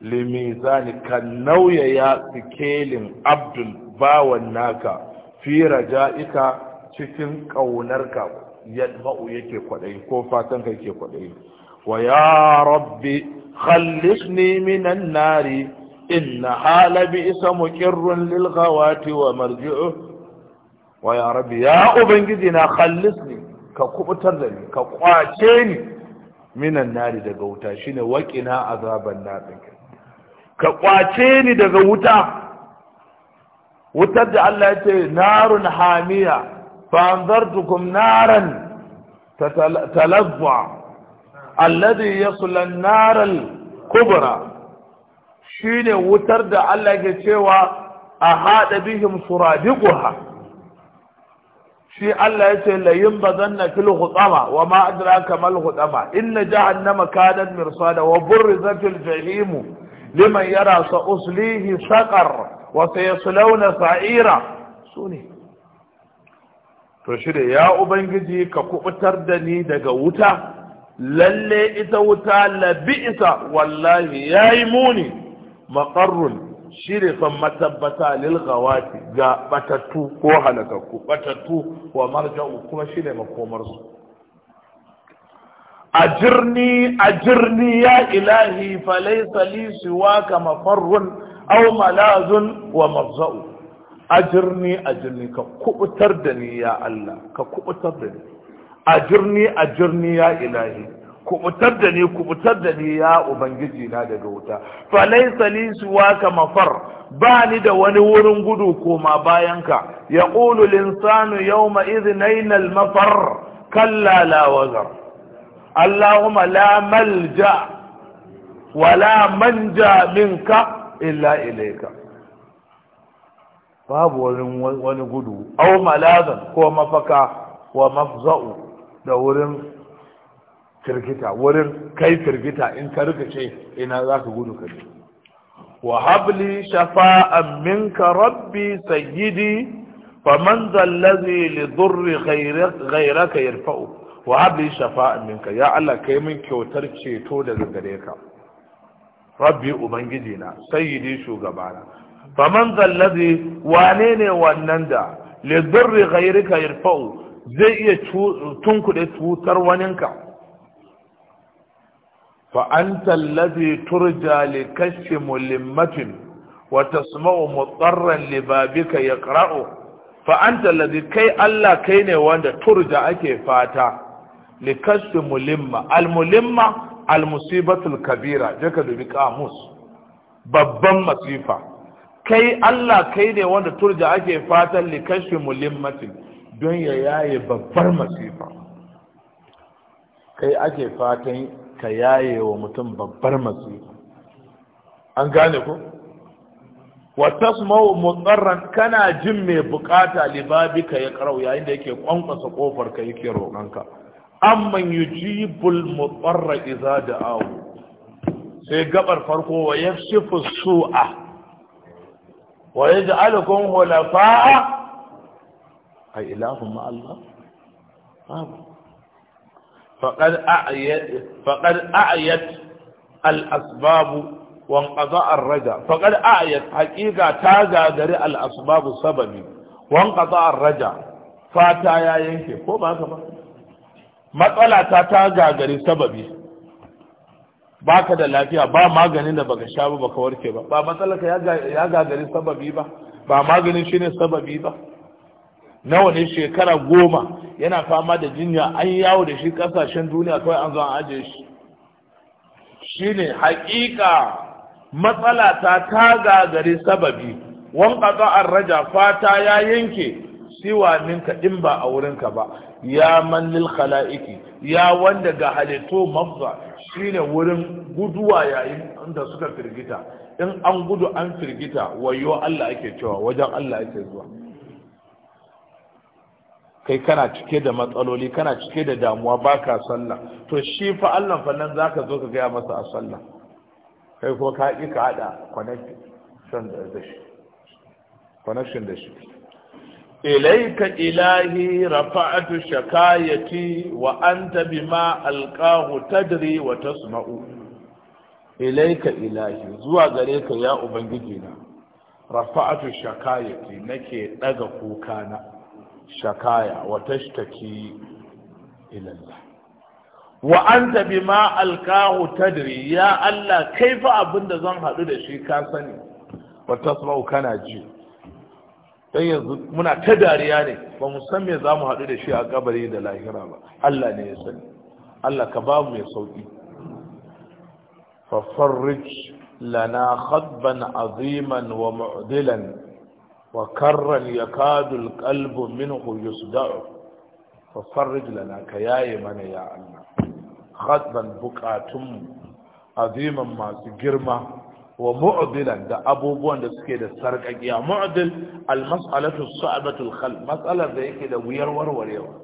limizani ka nauyaya sikelin abdul bawan naka fi raja'ika cikin ƙaunarka yadma'u yake kwaɗayi ko fatan ka yake kwaɗayi wa ya rabbi khallisni minan nari inna hala bi isa muqirrun lil ghawati wa marji'u wa ya rabbi ya ubangiji na khallisni ka kubutar da ni ka kwace ni minan nari daga wuta shine waqina azaban nar ka kwace ni daga wuta wutar da Allah ya ce narun hamiya fa anzartukum naran tatalazza alladhi yasla an kubra shine wutar da Allah ke cewa a hada bihim suradiquha shi Allah ya ce la fil khutama wa ma adraka mal khutama inna jahannama kanat mirsada wa burizatil jahimu liman yara sa uslihi wasu ya sulauna sa'ira ne. to shi ya ubangiji ka kubutar da ni daga wuta lalle ita wuta labi'isa wallahi yayi muni Maƙarrun shirifan matabbata lilgawati ga batattu ko halakakku batattu wa marja'u kuma shine makomarsu أجرني أجرني يا إلهي فليس لي سواك مفر أو ملاذ ومرزأ أجرني أجرني ككؤتر دني يا الله ككؤتر دني أجرني أجرني يا إلهي كؤتر دني كؤتر دني يا أبنجي نادى دوتا فليس لي سواك مفر bani da wani wurin gudu koma bayanka ya ƙulu linsanu yau ma'izin ainal mafar kalla la wazar Allahumma la malja wa la manja minka illa ilaika babu wani gudu au malazan ko mafaka wa mafza'u da wurin kai firgita in ka rikice ina za ka gudu ka ne wa habli shafa'an minka rabbi sayyidi faman zallazi li dhurri ghayraka yarfa'u wa habli shafa'a minka ya Allah kai min kyautar ceto daga gare ka rabbi ubangiji na sayyidi shugabana faman zallazi wane ne wannan da li dhurri ghayrika zai iya tunkuɗe cutar waninka fa anta allazi turja li kashfi mulimmatin wa tasma'u mutarran li ya fa anta kai Allah kai ne wanda turja ake fata likashfi mulimma almulimma almusibatul kabira je ka dubi kamus babban masifa kai Allah kai ne wanda turja ake fatan likashfi mulimmatin don ya yaye babbar masifa kai ake fatan ka yaye wa mutum babbar masifa an gane ku wata mu mutsarran kana jin mai bukata ka ya karau yayin da yake kwankwasa kofar ka yake roƙonka amman yujibul mutarra idza da'ahu sai gabar farko wa yafsifu su'a wa yaj'alukum khulafa'a ay ilahum ma Allah faqad a'yat faqad a'yat al-asbab wa anqadha ar-raja faqad a'yat haqiqa ta gagari al-asbab sababi wa anqadha ar-raja fata ya yanke ko ba haka ba matsala ta ta gagari sababi ba ka da lafiya ba maganin da baka sha ba baka warke ba ba ka ya gagari sababi ba ba maganin shi ne sababi ba nawa ne shekara goma yana fama da jinya an yawo da shi kasashen duniya kawai an zo an ajiye shi shi ne hakika matsala ta ta gagari sababi wanka za a raja fata ya yanke siwa minka in ba a wurinka ba ya man lil khalaiki ya wanda ga halittu mafza shine wurin guduwa yayin da suka firgita in an gudu an firgita wayo Allah ake cewa wajen Allah ake zuwa kai kana cike da matsaloli kana cike da damuwa baka sallah to shi fa Allah fa nan zaka zo ka gaya masa a sallah kai ko ka ƙi ka haɗa connection da shi ilaika ilahi rafa'atu shakayati wa anta bima alqahu tadri wa tasma'u ilaika ilahi zuwa gare ka ya ubangiji na rafa'atu shakayati nake ɗaga kuka na shakaya wa tashtaki ila Allah wa anta bima alqahu ya Allah kaifa abinda zan hadu da shi ka sani wa tasma'u kana ji don yanzu muna ta dariya ne ba mu san me za mu haɗu da shi a kabari da lahira ba Allah ne ya sani Allah ka ba mu ya sauƙi fafarrij lana khadban aziman wa mu'dilan wa karran yakadu alqalbu minhu yusda'u fafarrij lana ka yaye mana ya Allah khadban buqatum aziman masu girma wa mu'dilan da abubuwan da suke da sarƙaƙiya mu'dil al-mas'alatu sa'batul khalq mas'alar da yake da wuyar warwarewa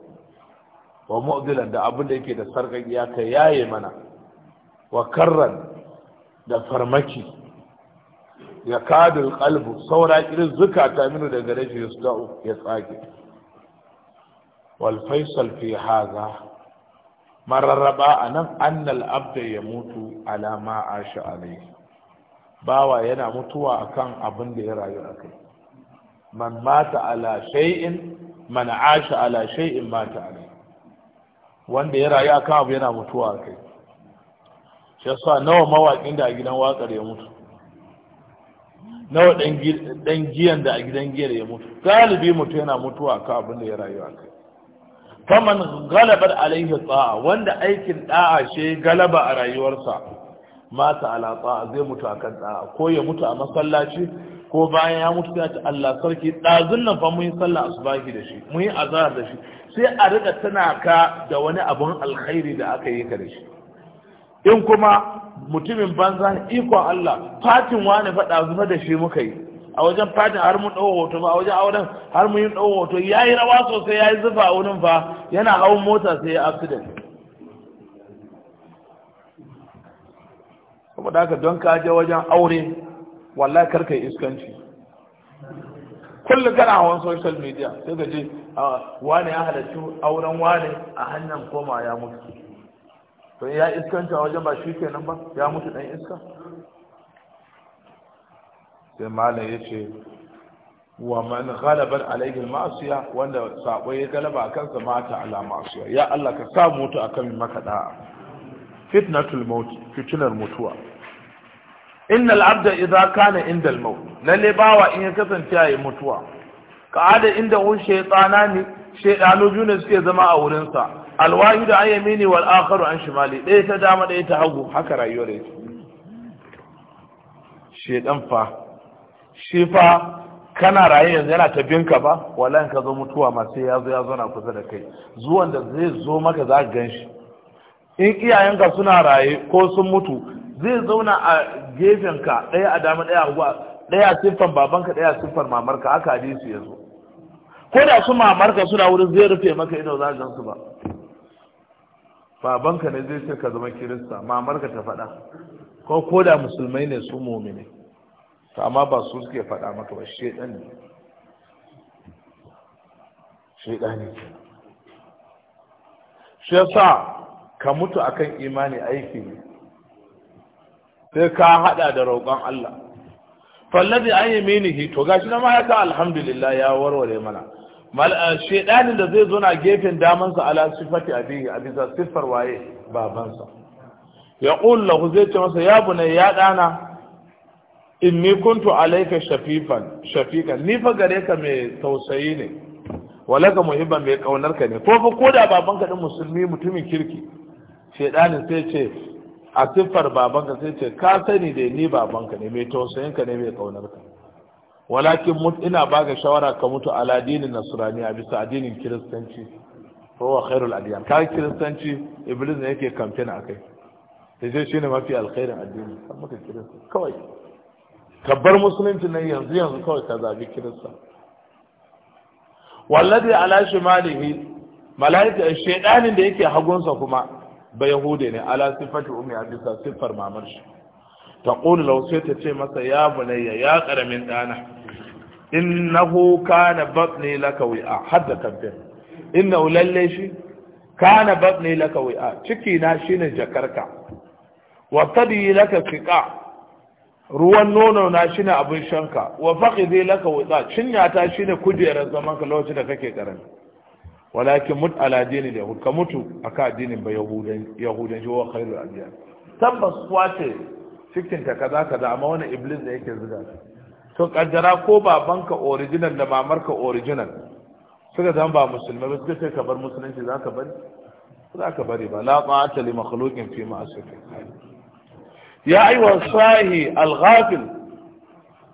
wa mu'dilan da abin da yake da sarƙaƙiya ka yaye mana wa karran da farmaki ya kadul qalbu saura irin zukata minu daga rafi yasda'u ya tsage wal faisal fi hadha mararraba anan annal abda yamutu ala ma asha alayhi bawa yana mutuwa akan abin da ya rayu a kai man mata ala shay'in man asha ala shay'in mata ala wanda ya rayu akan abu yana mutuwa a kai shi yasa nawa mawaƙin da a gidan waƙar ya mutu nawa ɗan giyan da a gidan giyar ya mutu galibi mutu yana mutuwa akan abin da ya rayu a kai faman galabar alaihi tsa'a wanda aikin da'a shi galaba a rayuwarsa mata ala zai mutu kan ta'a ko ya mutu a masallaci ko bayan ya mutu ta Allah sarki ɗazun nan fa mun yi sallah asubahi da shi mun yi azhar da shi sai a riƙa tana ka da wani abun alkhairi da aka yi ka da shi in kuma mutumin banza ikon Allah fatin wani faɗa zuma da shi muka yi a wajen fatin har mun ɗau hoto ba a wajen auren har mun yi ɗau hoto ya yi rawa sosai ya yi zufa wurin fa yana hawan mota sai ya accident saboda haka don ka je wajen aure wallahi karka iskanci kullum kana hawan social media sai ka je ah, wane ya halarci auren wane a hannun koma ya mutu to ya a wajen ba shi ke nan ba ya mutu dan iska sai malam ya ce wa man ghalaban alayhi al wanda sabo ya galaba kansa mata ala ma'siya ya Allah ka sa mutu akan makada fitnatul maut fitnar mutuwa innal abda idza kana indal al-maut lalle bawa in ya kasance yayi mutuwa Ka ka'ada inda hu shaytanani shaydanu juna suke zama a wurin sa wahidu an yamini wal akharu an shimali dai ta dama dai ta hagu haka rayuwar yake shedan fa shi fa kana raye yanzu yana ta binka ba wallahi ka zo mutuwa ma sai ya zo ya zauna kusa da kai zuwan da zai zo maka za ka gan shi in iyayenka suna raye ko sun mutu zai zauna a gefen ka ɗaya a dama ɗaya a ɗaya siffar babanka ɗaya siffar mamarka aka hadisi ya zo ko da su mamarka suna wurin zai rufe maka ido za gan su ba babanka ne zai ce ka zama kirista mamarka ta faɗa ko ko da musulmai ne su momine to amma ba su suke faɗa maka ba shedan ne shedan ne shi yasa ka mutu akan imani aiki ne sai ka hada da roƙon Allah fallazi an yi yaminihi to gashi na ma ya ka alhamdulillah ya warware mana shedanin da zai zo na gefen damansa ala sifati abihi a bisa siffar waye babansa ya zai ce masa ya bunai ya dana inni kuntu alaika shafifan shafikan ni fa gare ka mai tausayi ne walaka muhibban mai kaunar ka ne ko fa koda babanka din musulmi mutumin kirki shedanin sai ce a siffar babanka sai ce ka sani da ni babanka ne mai tausayinka ne mai kaunarka walakin mut ina baka shawara ka mutu ala dinin nasrani a bisa addinin kiristanci ko wa khairul adiyan ka kiristanci iblis ne yake kamfen akai sai sai shine mafi alkhairin addini kan muka kirista kawai kabbar musulunci ne yanzu yanzu kawai ka zabi kirista wallazi ala shimalihi malaika shaydanin da yake hagunsa kuma ba yahude ne ala sifatu ummi abisa sifar mamar shi ta law sai ta ce masa ya bunayya ya karamin dana innahu kana batni laka wi'a hadda in na lalle shi kana batni laka wi'a ciki na shine jakarka wa yi laka fiqa ruwan nono na shine abin shanka wa zai laka wutsa cinya ta shine kujerar zaman ka lokacin da kake karanta walakin mut ala dini da ka mutu a ka addinin ba yahudan shi wa khairul adiyan tabbas kwace cikin ta kaza kaza amma wani iblis da yake zuga to kaddara ko babanka original da mamarka original suka zama ba musulmi ba suka ce ka bar musulunci za ka bari za ka bari ba la ta'ata li makhluqin fi ma'asiyati ya aywa sahi al-ghafil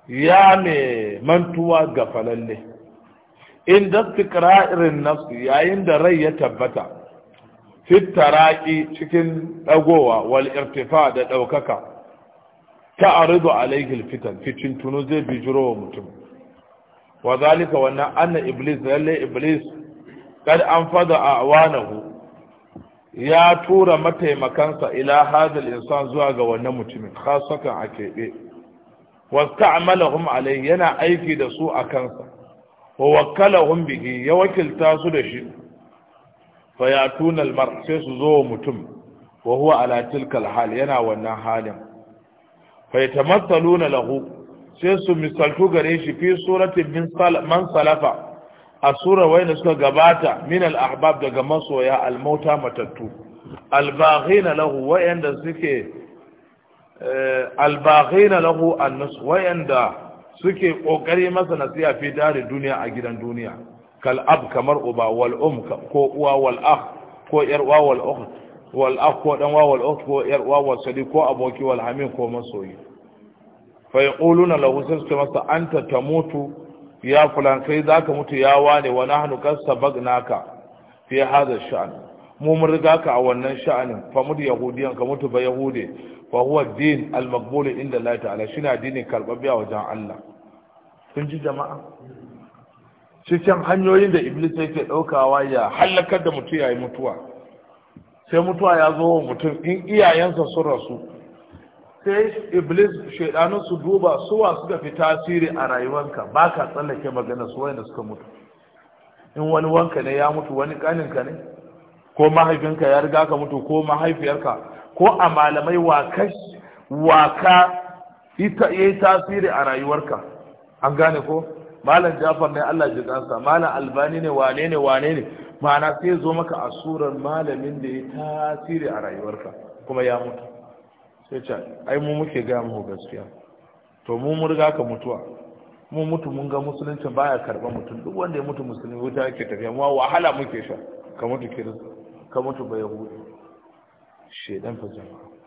ya me mantuwa ga falalle inda irin nafsi yayin da rai ya tabbata fit taraqi cikin dagowa wal irtifa da daukaka ta'aridu alayhi al fitan fitin tunu zai bijiro wa mutum wa wannan anna iblis lalle iblis kad anfada awanahu ya tura mataimakansa ila hadal insan zuwa ga wannan mutumin khasatan a keɓe wasta'malahum alayhi yana aiki da su a kansa wa hun bihi ya wakilta su da shi fa sai su zo mutum wa huwa ala tilkal hal yana wannan halin fa yatamathaluna lahu sai su misaltu gare shi fi suratin min man salafa a sura wayna suka gabata min al-ahbab daga masoya al-mauta matattu al-baghina lahu wayanda suke eh, al-baghina lahu an wayanda suke kokari masa nasiya fi dare duniya a gidan duniya kal ab kamar uba wal um ko uwa wal akh ko yar uwa wal wal akh ko dan uwa wal ukht ko yar uwa wal sadi ko aboki wal hamin ko masoyi fa yaquluna lahu sirtu masa anta tamutu ya fulan kai zaka mutu ya wane wa nahnu kasabagnaka fi hadha sha'an mu mun riga ka a wannan sha'anin fa mu yahudiyan ka mutu ba yahude fa huwa din al maqbul inda Allah ta'ala shine addini karbabbe a wajen Allah sun ji jama'a shi can hanyoyin da iblis ke ɗaukawa ya hallakar da ya yayi mutuwa sai mutuwa ya zo wa mutum in iyayensa sun rasu sai iblis shaidanun su duba suwa suka fi tasiri a rayuwanka ba ka tsallake magana su wanda suka mutu in wani wanka ne ya mutu wani kaninka ne ko mahaifinka ya riga ka mutu ko mahaifiyarka ko a malamai waka ita ya yi tasiri a rayuwarka an gane ko malam jafar ne Allah ji kansa malam albani ne wane ne wane ne ma'ana sai zo maka a surar malamin da ya tasiri a rayuwarka kuma ya mutu sai ce ai mu muke ga mu gaskiya to mu mun riga ka mutuwa mu mutu mun ga musulunci baya karba mutum duk wanda ya mutu musulmi wuta yake tafiya mu wahala muke sha ka mutu kirista ka mutu ba yahudi shedan fa jama'a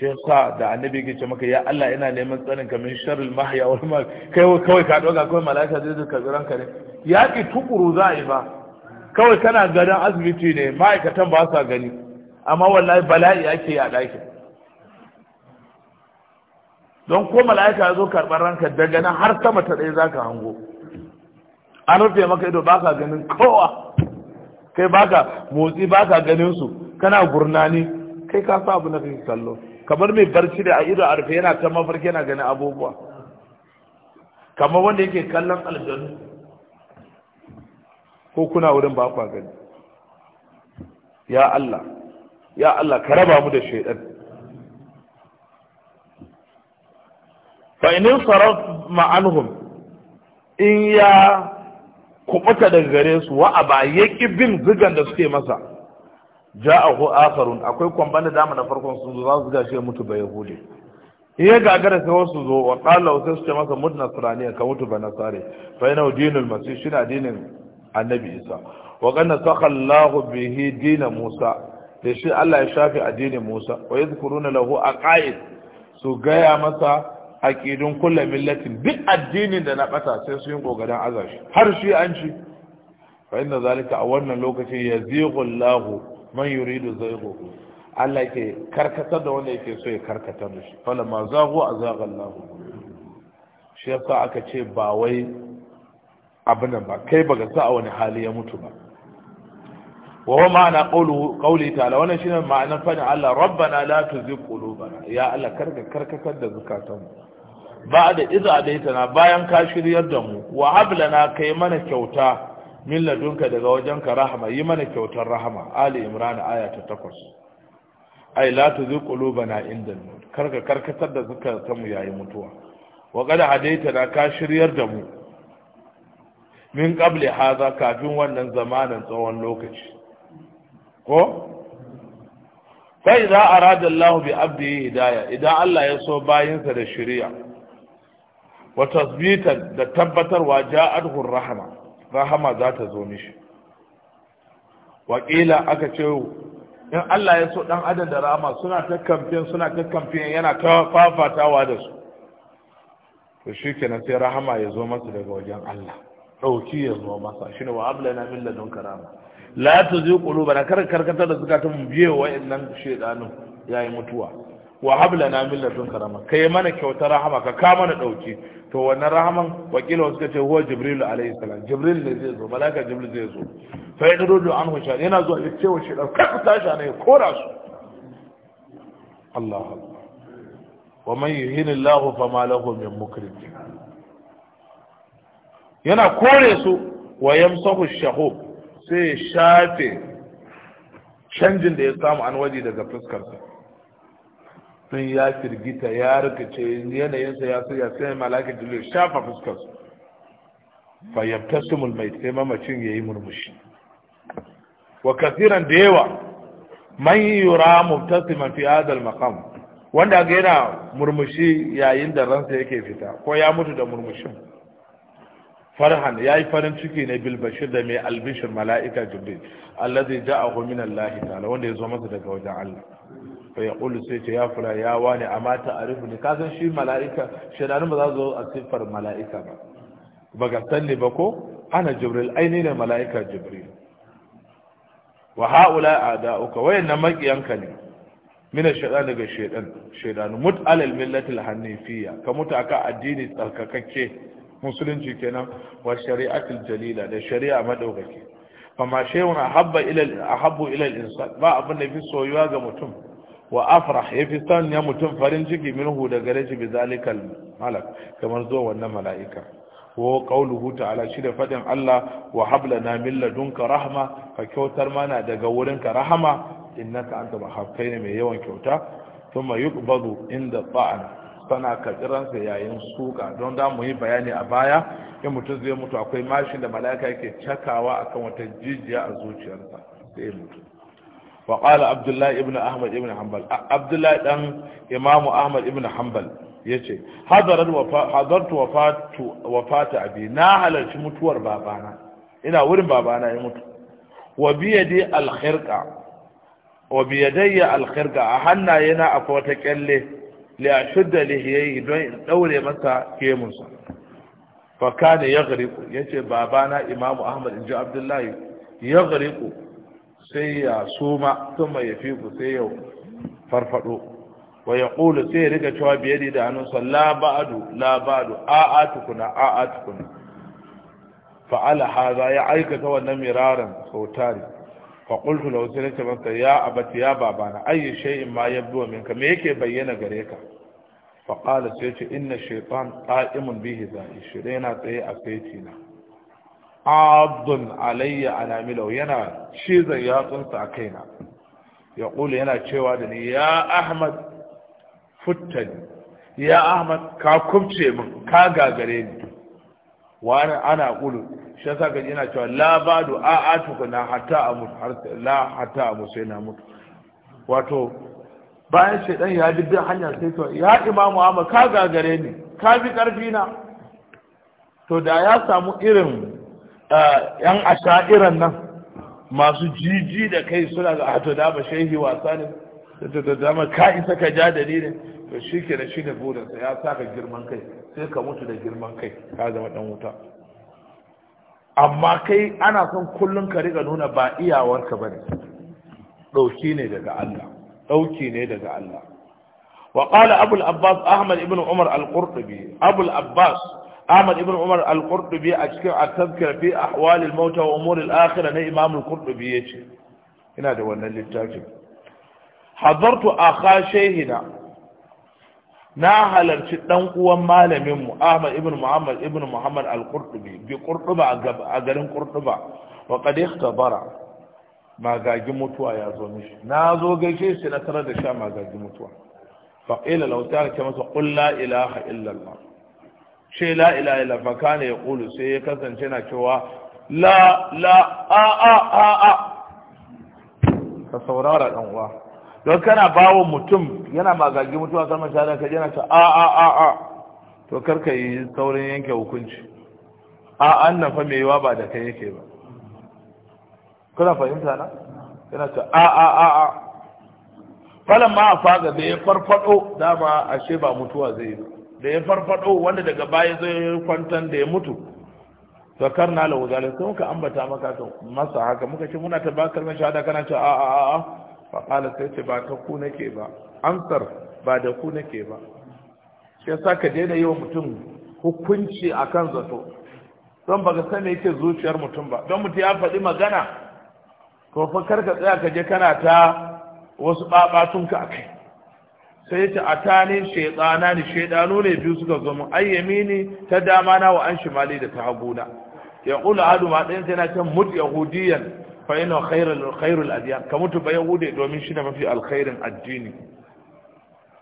shekwa da annabi ke ce maka ya Allah ina neman tsarin ka min sharril mahya wal mal kai kawai ka doga kawai malaika zai zo karbi ranka ne yaki tukuru za a yi ba kawai kana ganin asibiti ne ma'aikatan ba sa gani amma wallahi bala'i ake a ɗakin don ko mala'ika ya zo karɓar ranka daga nan har sama ta ɗaya zaka hango an rufe maka ido baka ganin kowa kai baka motsi baka ganin su kana gurnani kai ka sa abu na kai kallo kamar mai barci da a ido a rufe yana ta mafarki yana ganin abubuwa kamar wanda yake kallon aljanu ko kuna wurin ba kwa gani ya Allah ya Allah ka raba mu da shaidan fa inin ma anhum in ya kubuta daga gare su wa aba yaki bin zigan da suke masa Ja ja'ahu Asarun. akwai kwamban da dama na farkon sun zo za su gashi ya mutu ba yahudi iya gagara sai wasu zo wa qala sai su ce masa mut nasrani ka mutu ba nasare fa yana dinul masih shi na dinin annabi isa wa qanna sakhallahu bihi dina musa da shi Allah ya shafi addinin musa wa yadhkuruna lahu aqaid su gaya masa aqidun kullu millatin duk addinin da na bata sai su yi ƙoƙarin azashi har shi an ci fa inna zalika a wannan lokacin yazighullahu man yuridu zaygu Allah yake karkatar da wanda yake so ya karkatar da shi fala ma zagu azaga Allah shi yasa aka ce ba wai abin ba kai baka sa a wani hali ya mutu ba wa huwa ma'ana qawluhu qawli ta'ala wannan shine ma'anar fadin Allah rabbana la tuzigh qulubana ya Allah karka karkatar da zukatanmu ba'da iz adaitana bayan ka shiryar da mu wa hablana kai mana kyauta min ladunka daga wajenka rahama yi mana kyautar rahama ali imran aya ta takwas ai la tuzi bana inda al-maut karka karkatar da ta mu yayi mutuwa wa qad na ka shiryar da mu min qabli hadha kafin wannan zamanin tsawon lokaci ko fa idza arada Allah bi abdi hidaya idan Allah ya so bayinsa da shiriya wa tasbitan da tabbatarwa ja'atuhu Rahma. rahama za ta zo mishi wakila aka ce in Allah ya so dan adam da rahama suna ta kamfen suna ta kamfen yana ta fafatawa da su to shi kenan sai rahama ya zo masa daga wajen Allah dauki ya zo masa shine wa na min ladun karama la tuzi na kar karkatar da ta mu biye wa wa'annan shedanu yayi mutuwa wa na min ladun karama kai mana kyautar rahama ka ka mana dauki to wannan rahaman wakila suka ce huwa jibril alayhi salam jibril ne zai zo malaka jibril zai zo fa ya dudu an sha yana zuwa ya ce wa shi dan kafa tashi ne kora su Allah wa man yuhini Allah fa ma lahu min mukrim yana kore su wa yamsahu shahub sai shafe canjin da ya samu an waje daga fuskar sa sun ya firgita ya rikice yanayinsa ya ya sai malaka dole shafa su fa yabtasimul mai sai mamacin yayi murmushi wa kasiran da yawa man yura mubtasiman fi hadha al wanda ga yana murmushi yayin da ransa yake fita ko ya mutu da murmushin farhan yayi farin ciki ne bil bashir da mai albishir mala'ika jibril allazi ja'ahu min Allah ta'ala wanda ya zo masa daga wajen Allah fa ya ƙulu sai ce ya fura ya wane amma ta arifu ne ka san shi mala'ika shaidanun ba za su zo a siffar mala'ika ba ba ga sanni ba ko ana jibril aini ne mala'ika jibril wa ha'ula a da'uka wayan na maƙiyanka ne mina shaidan daga shaidan shaidanu mut alal millatil hanifiya ka mutu aka addini tsarkakakke musulunci kenan wa shari'atul jalila da shari'a madaukake fama shehun ahabba ila ahabbu ila al-insan ba abin da fi soyuwa ga mutum wa afrah ya fi son ya mutum farin ciki minhu da gare shi zalikal malak kamar zuwa wannan mala'ika wa qawluhu ta'ala shi da fadin Allah wa hab lana min ladunka rahma ka kyautar mana daga wurinka rahama innaka anta wahhab ne mai yawan kyauta thumma yuqbadu inda ta'ana sana yayin suka don da mu yi bayani a baya in mutum zai mutu akwai mashin da mala'ika yake cakawa akan wata jijiya a zuciyarsa sai mutu وقال عبد الله ابن أحمد ابن حنبل عبد الله ابن إمام أحمد ابن حنبل yace hadartu wafatu wafatu abi na halarci mutuwar babana ina wurin babana ya mutu wa biyadi alkhirqa wa biyadayya alkhirqa a hannayena akwai wata kyalle li ashudda lihiyayi don in daure masa kemunsa fa kana yaghriqu yace babana imamu ahmad inji abdullahi yaghriqu sai ya suma sun mai yafi ku sai ya farfado wa ya ƙulu sai ya riga cewa biyar da hannunsa la ba'adu la a a'a tukuna a'a tukuna fa'ala haza ya aikata wannan miraran sautari fa qultu na sai nace masa ya abati ya babana ayi shay'in ma yabdu minka me yake bayyana gare ka fa qala sai ce inna shaytan qa'imun bihi za'i shirena tsaye a tina abdun alayya anamilau yana cizon yatsunsa a kaina ya ƙula yana cewa da ni ya ahmad futtani ya ahmad ka kubce min ka gagare ni Wani ana ƙulu shi yasa gaji yana cewa la badu a tuka na hatta a mutu har la hatta a mutu sai na mutu wato bayan shaidan ya bi hanyar sai to ya imamu ahmad ka gagare ni ka bi karfi na to da ya samu irin yan asha'iran nan masu jiji da kai suna da hato ah, da ba shehi wasa ne da dama ka isa ka ja da ne da shi ke da shi da burinsa ya sa ka girman kai sai ka mutu da girman kai ka zama dan wuta amma kai ana son kullum ka riga nuna ba iyawarka ba ne ɗauki ne daga Allah ɗauki ne daga Allah wa qala abul abbas ahmad ibn umar al-qurtubi abul abbas أحمد ابن عمر القرطبي أشكر التذكر في أحوال الموتى وأمور الآخرة أنا إمام القرطبي هنا دولنا للتاجب حضرت أخا شيهنا ناهلا شدن قوة مال منه أحمد ابن محمد ابن محمد القرطبي بقرطبة أقل قرطبة وقد اختبر ما قاعد يموتوا يا زوميش نازو قيشي سنترد الشام ما قاعد يموتوا فقيل لو تعالى كما تقول لا إله إلا الله ce la ilaha illa fa kana yaqulu sai ya kasance na cewa la la a a a a ka saurara dan uwa don kana bawo mutum yana magagi mutuwa kalmar shahada ka yana ta a a a a to karka yi saurin yanke hukunci a an na fa mai yiwa ba da kai yake ba kuna fahimta na yana ta a a a a falan ma a faga da ya farfado dama ashe ba mutuwa zai yi da ya farfado wanda daga baya zai kwantan da ya mutu zakar na lawo zalika sai muka ambata maka to masa haka muka ce muna ta bakar mai shahada kana ce a a a fa qala sai ce ba ta ku nake ba amsar ba da ku nake ba shi yasa ka daina yi wa mutum hukunci akan zato don baka san me yake zuciyar mutum ba don mutum ya faɗi magana to fa kar ka tsaya ka je kana ta wasu babatunka akai sai ta atani shaytana ni shaydanu ne biyu suka zo mun ayyamini ta dama na wa an shimali da ta ya yaqulu adu ma dan sai na ce mut yahudiyan fa inna khairul khairul adyan ka mutu ba yahude domin shi ne mafi alkhairin addini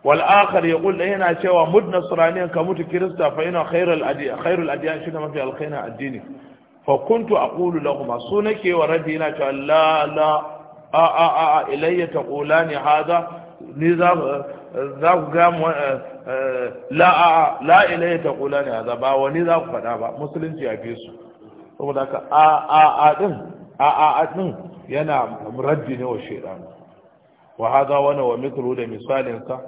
wal akhar yaqul da yana cewa mud nasraniyan ka mutu kirista fa inna khairul adyan khairul adyan shi ne mafi alkhairin addini fa kuntu aqulu lahum su nake wa rabbi na cewa la la a a a ilayya taqulani hada ni za za ku ga eh, eh, la'a la ilaha ta kula ne a ba wani za ku faɗa ba musulunci ya fi su saboda ka a a a din a a a din yana raddi ne wa shaytan wa hada wani wa mithlu da misalin ka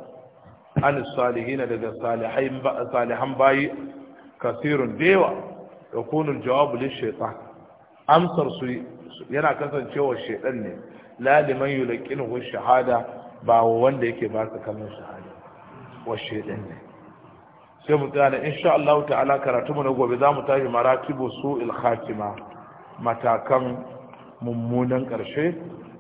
an salihin daga salihin ba salihan bayi kasirun dewa jawabu aljawabu lishaytan amsar su yana kasancewa shaytan ne la liman yulqinu shahada ba wanda yake su kallon shahada wa shaidan ne sai mu tsaya insha Allah ta'ala karatu mu na gobe za mu tashi maratibu su'il khatima matakan mummunan karshe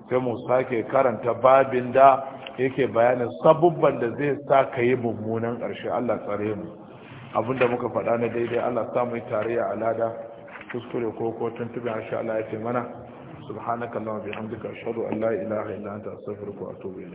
sai mu sake karanta babin da yake bayanin sabubban da zai sa ka yi mummunan karshe Allah tsare mu abinda muka faɗa na daidai Allah samu yi tarayya alada kuskure ko ko tuntubi insha Allah ya ce mana subhanakallahumma bihamdika ashhadu an la ilaha illa anta astaghfiruka wa atubu ilayk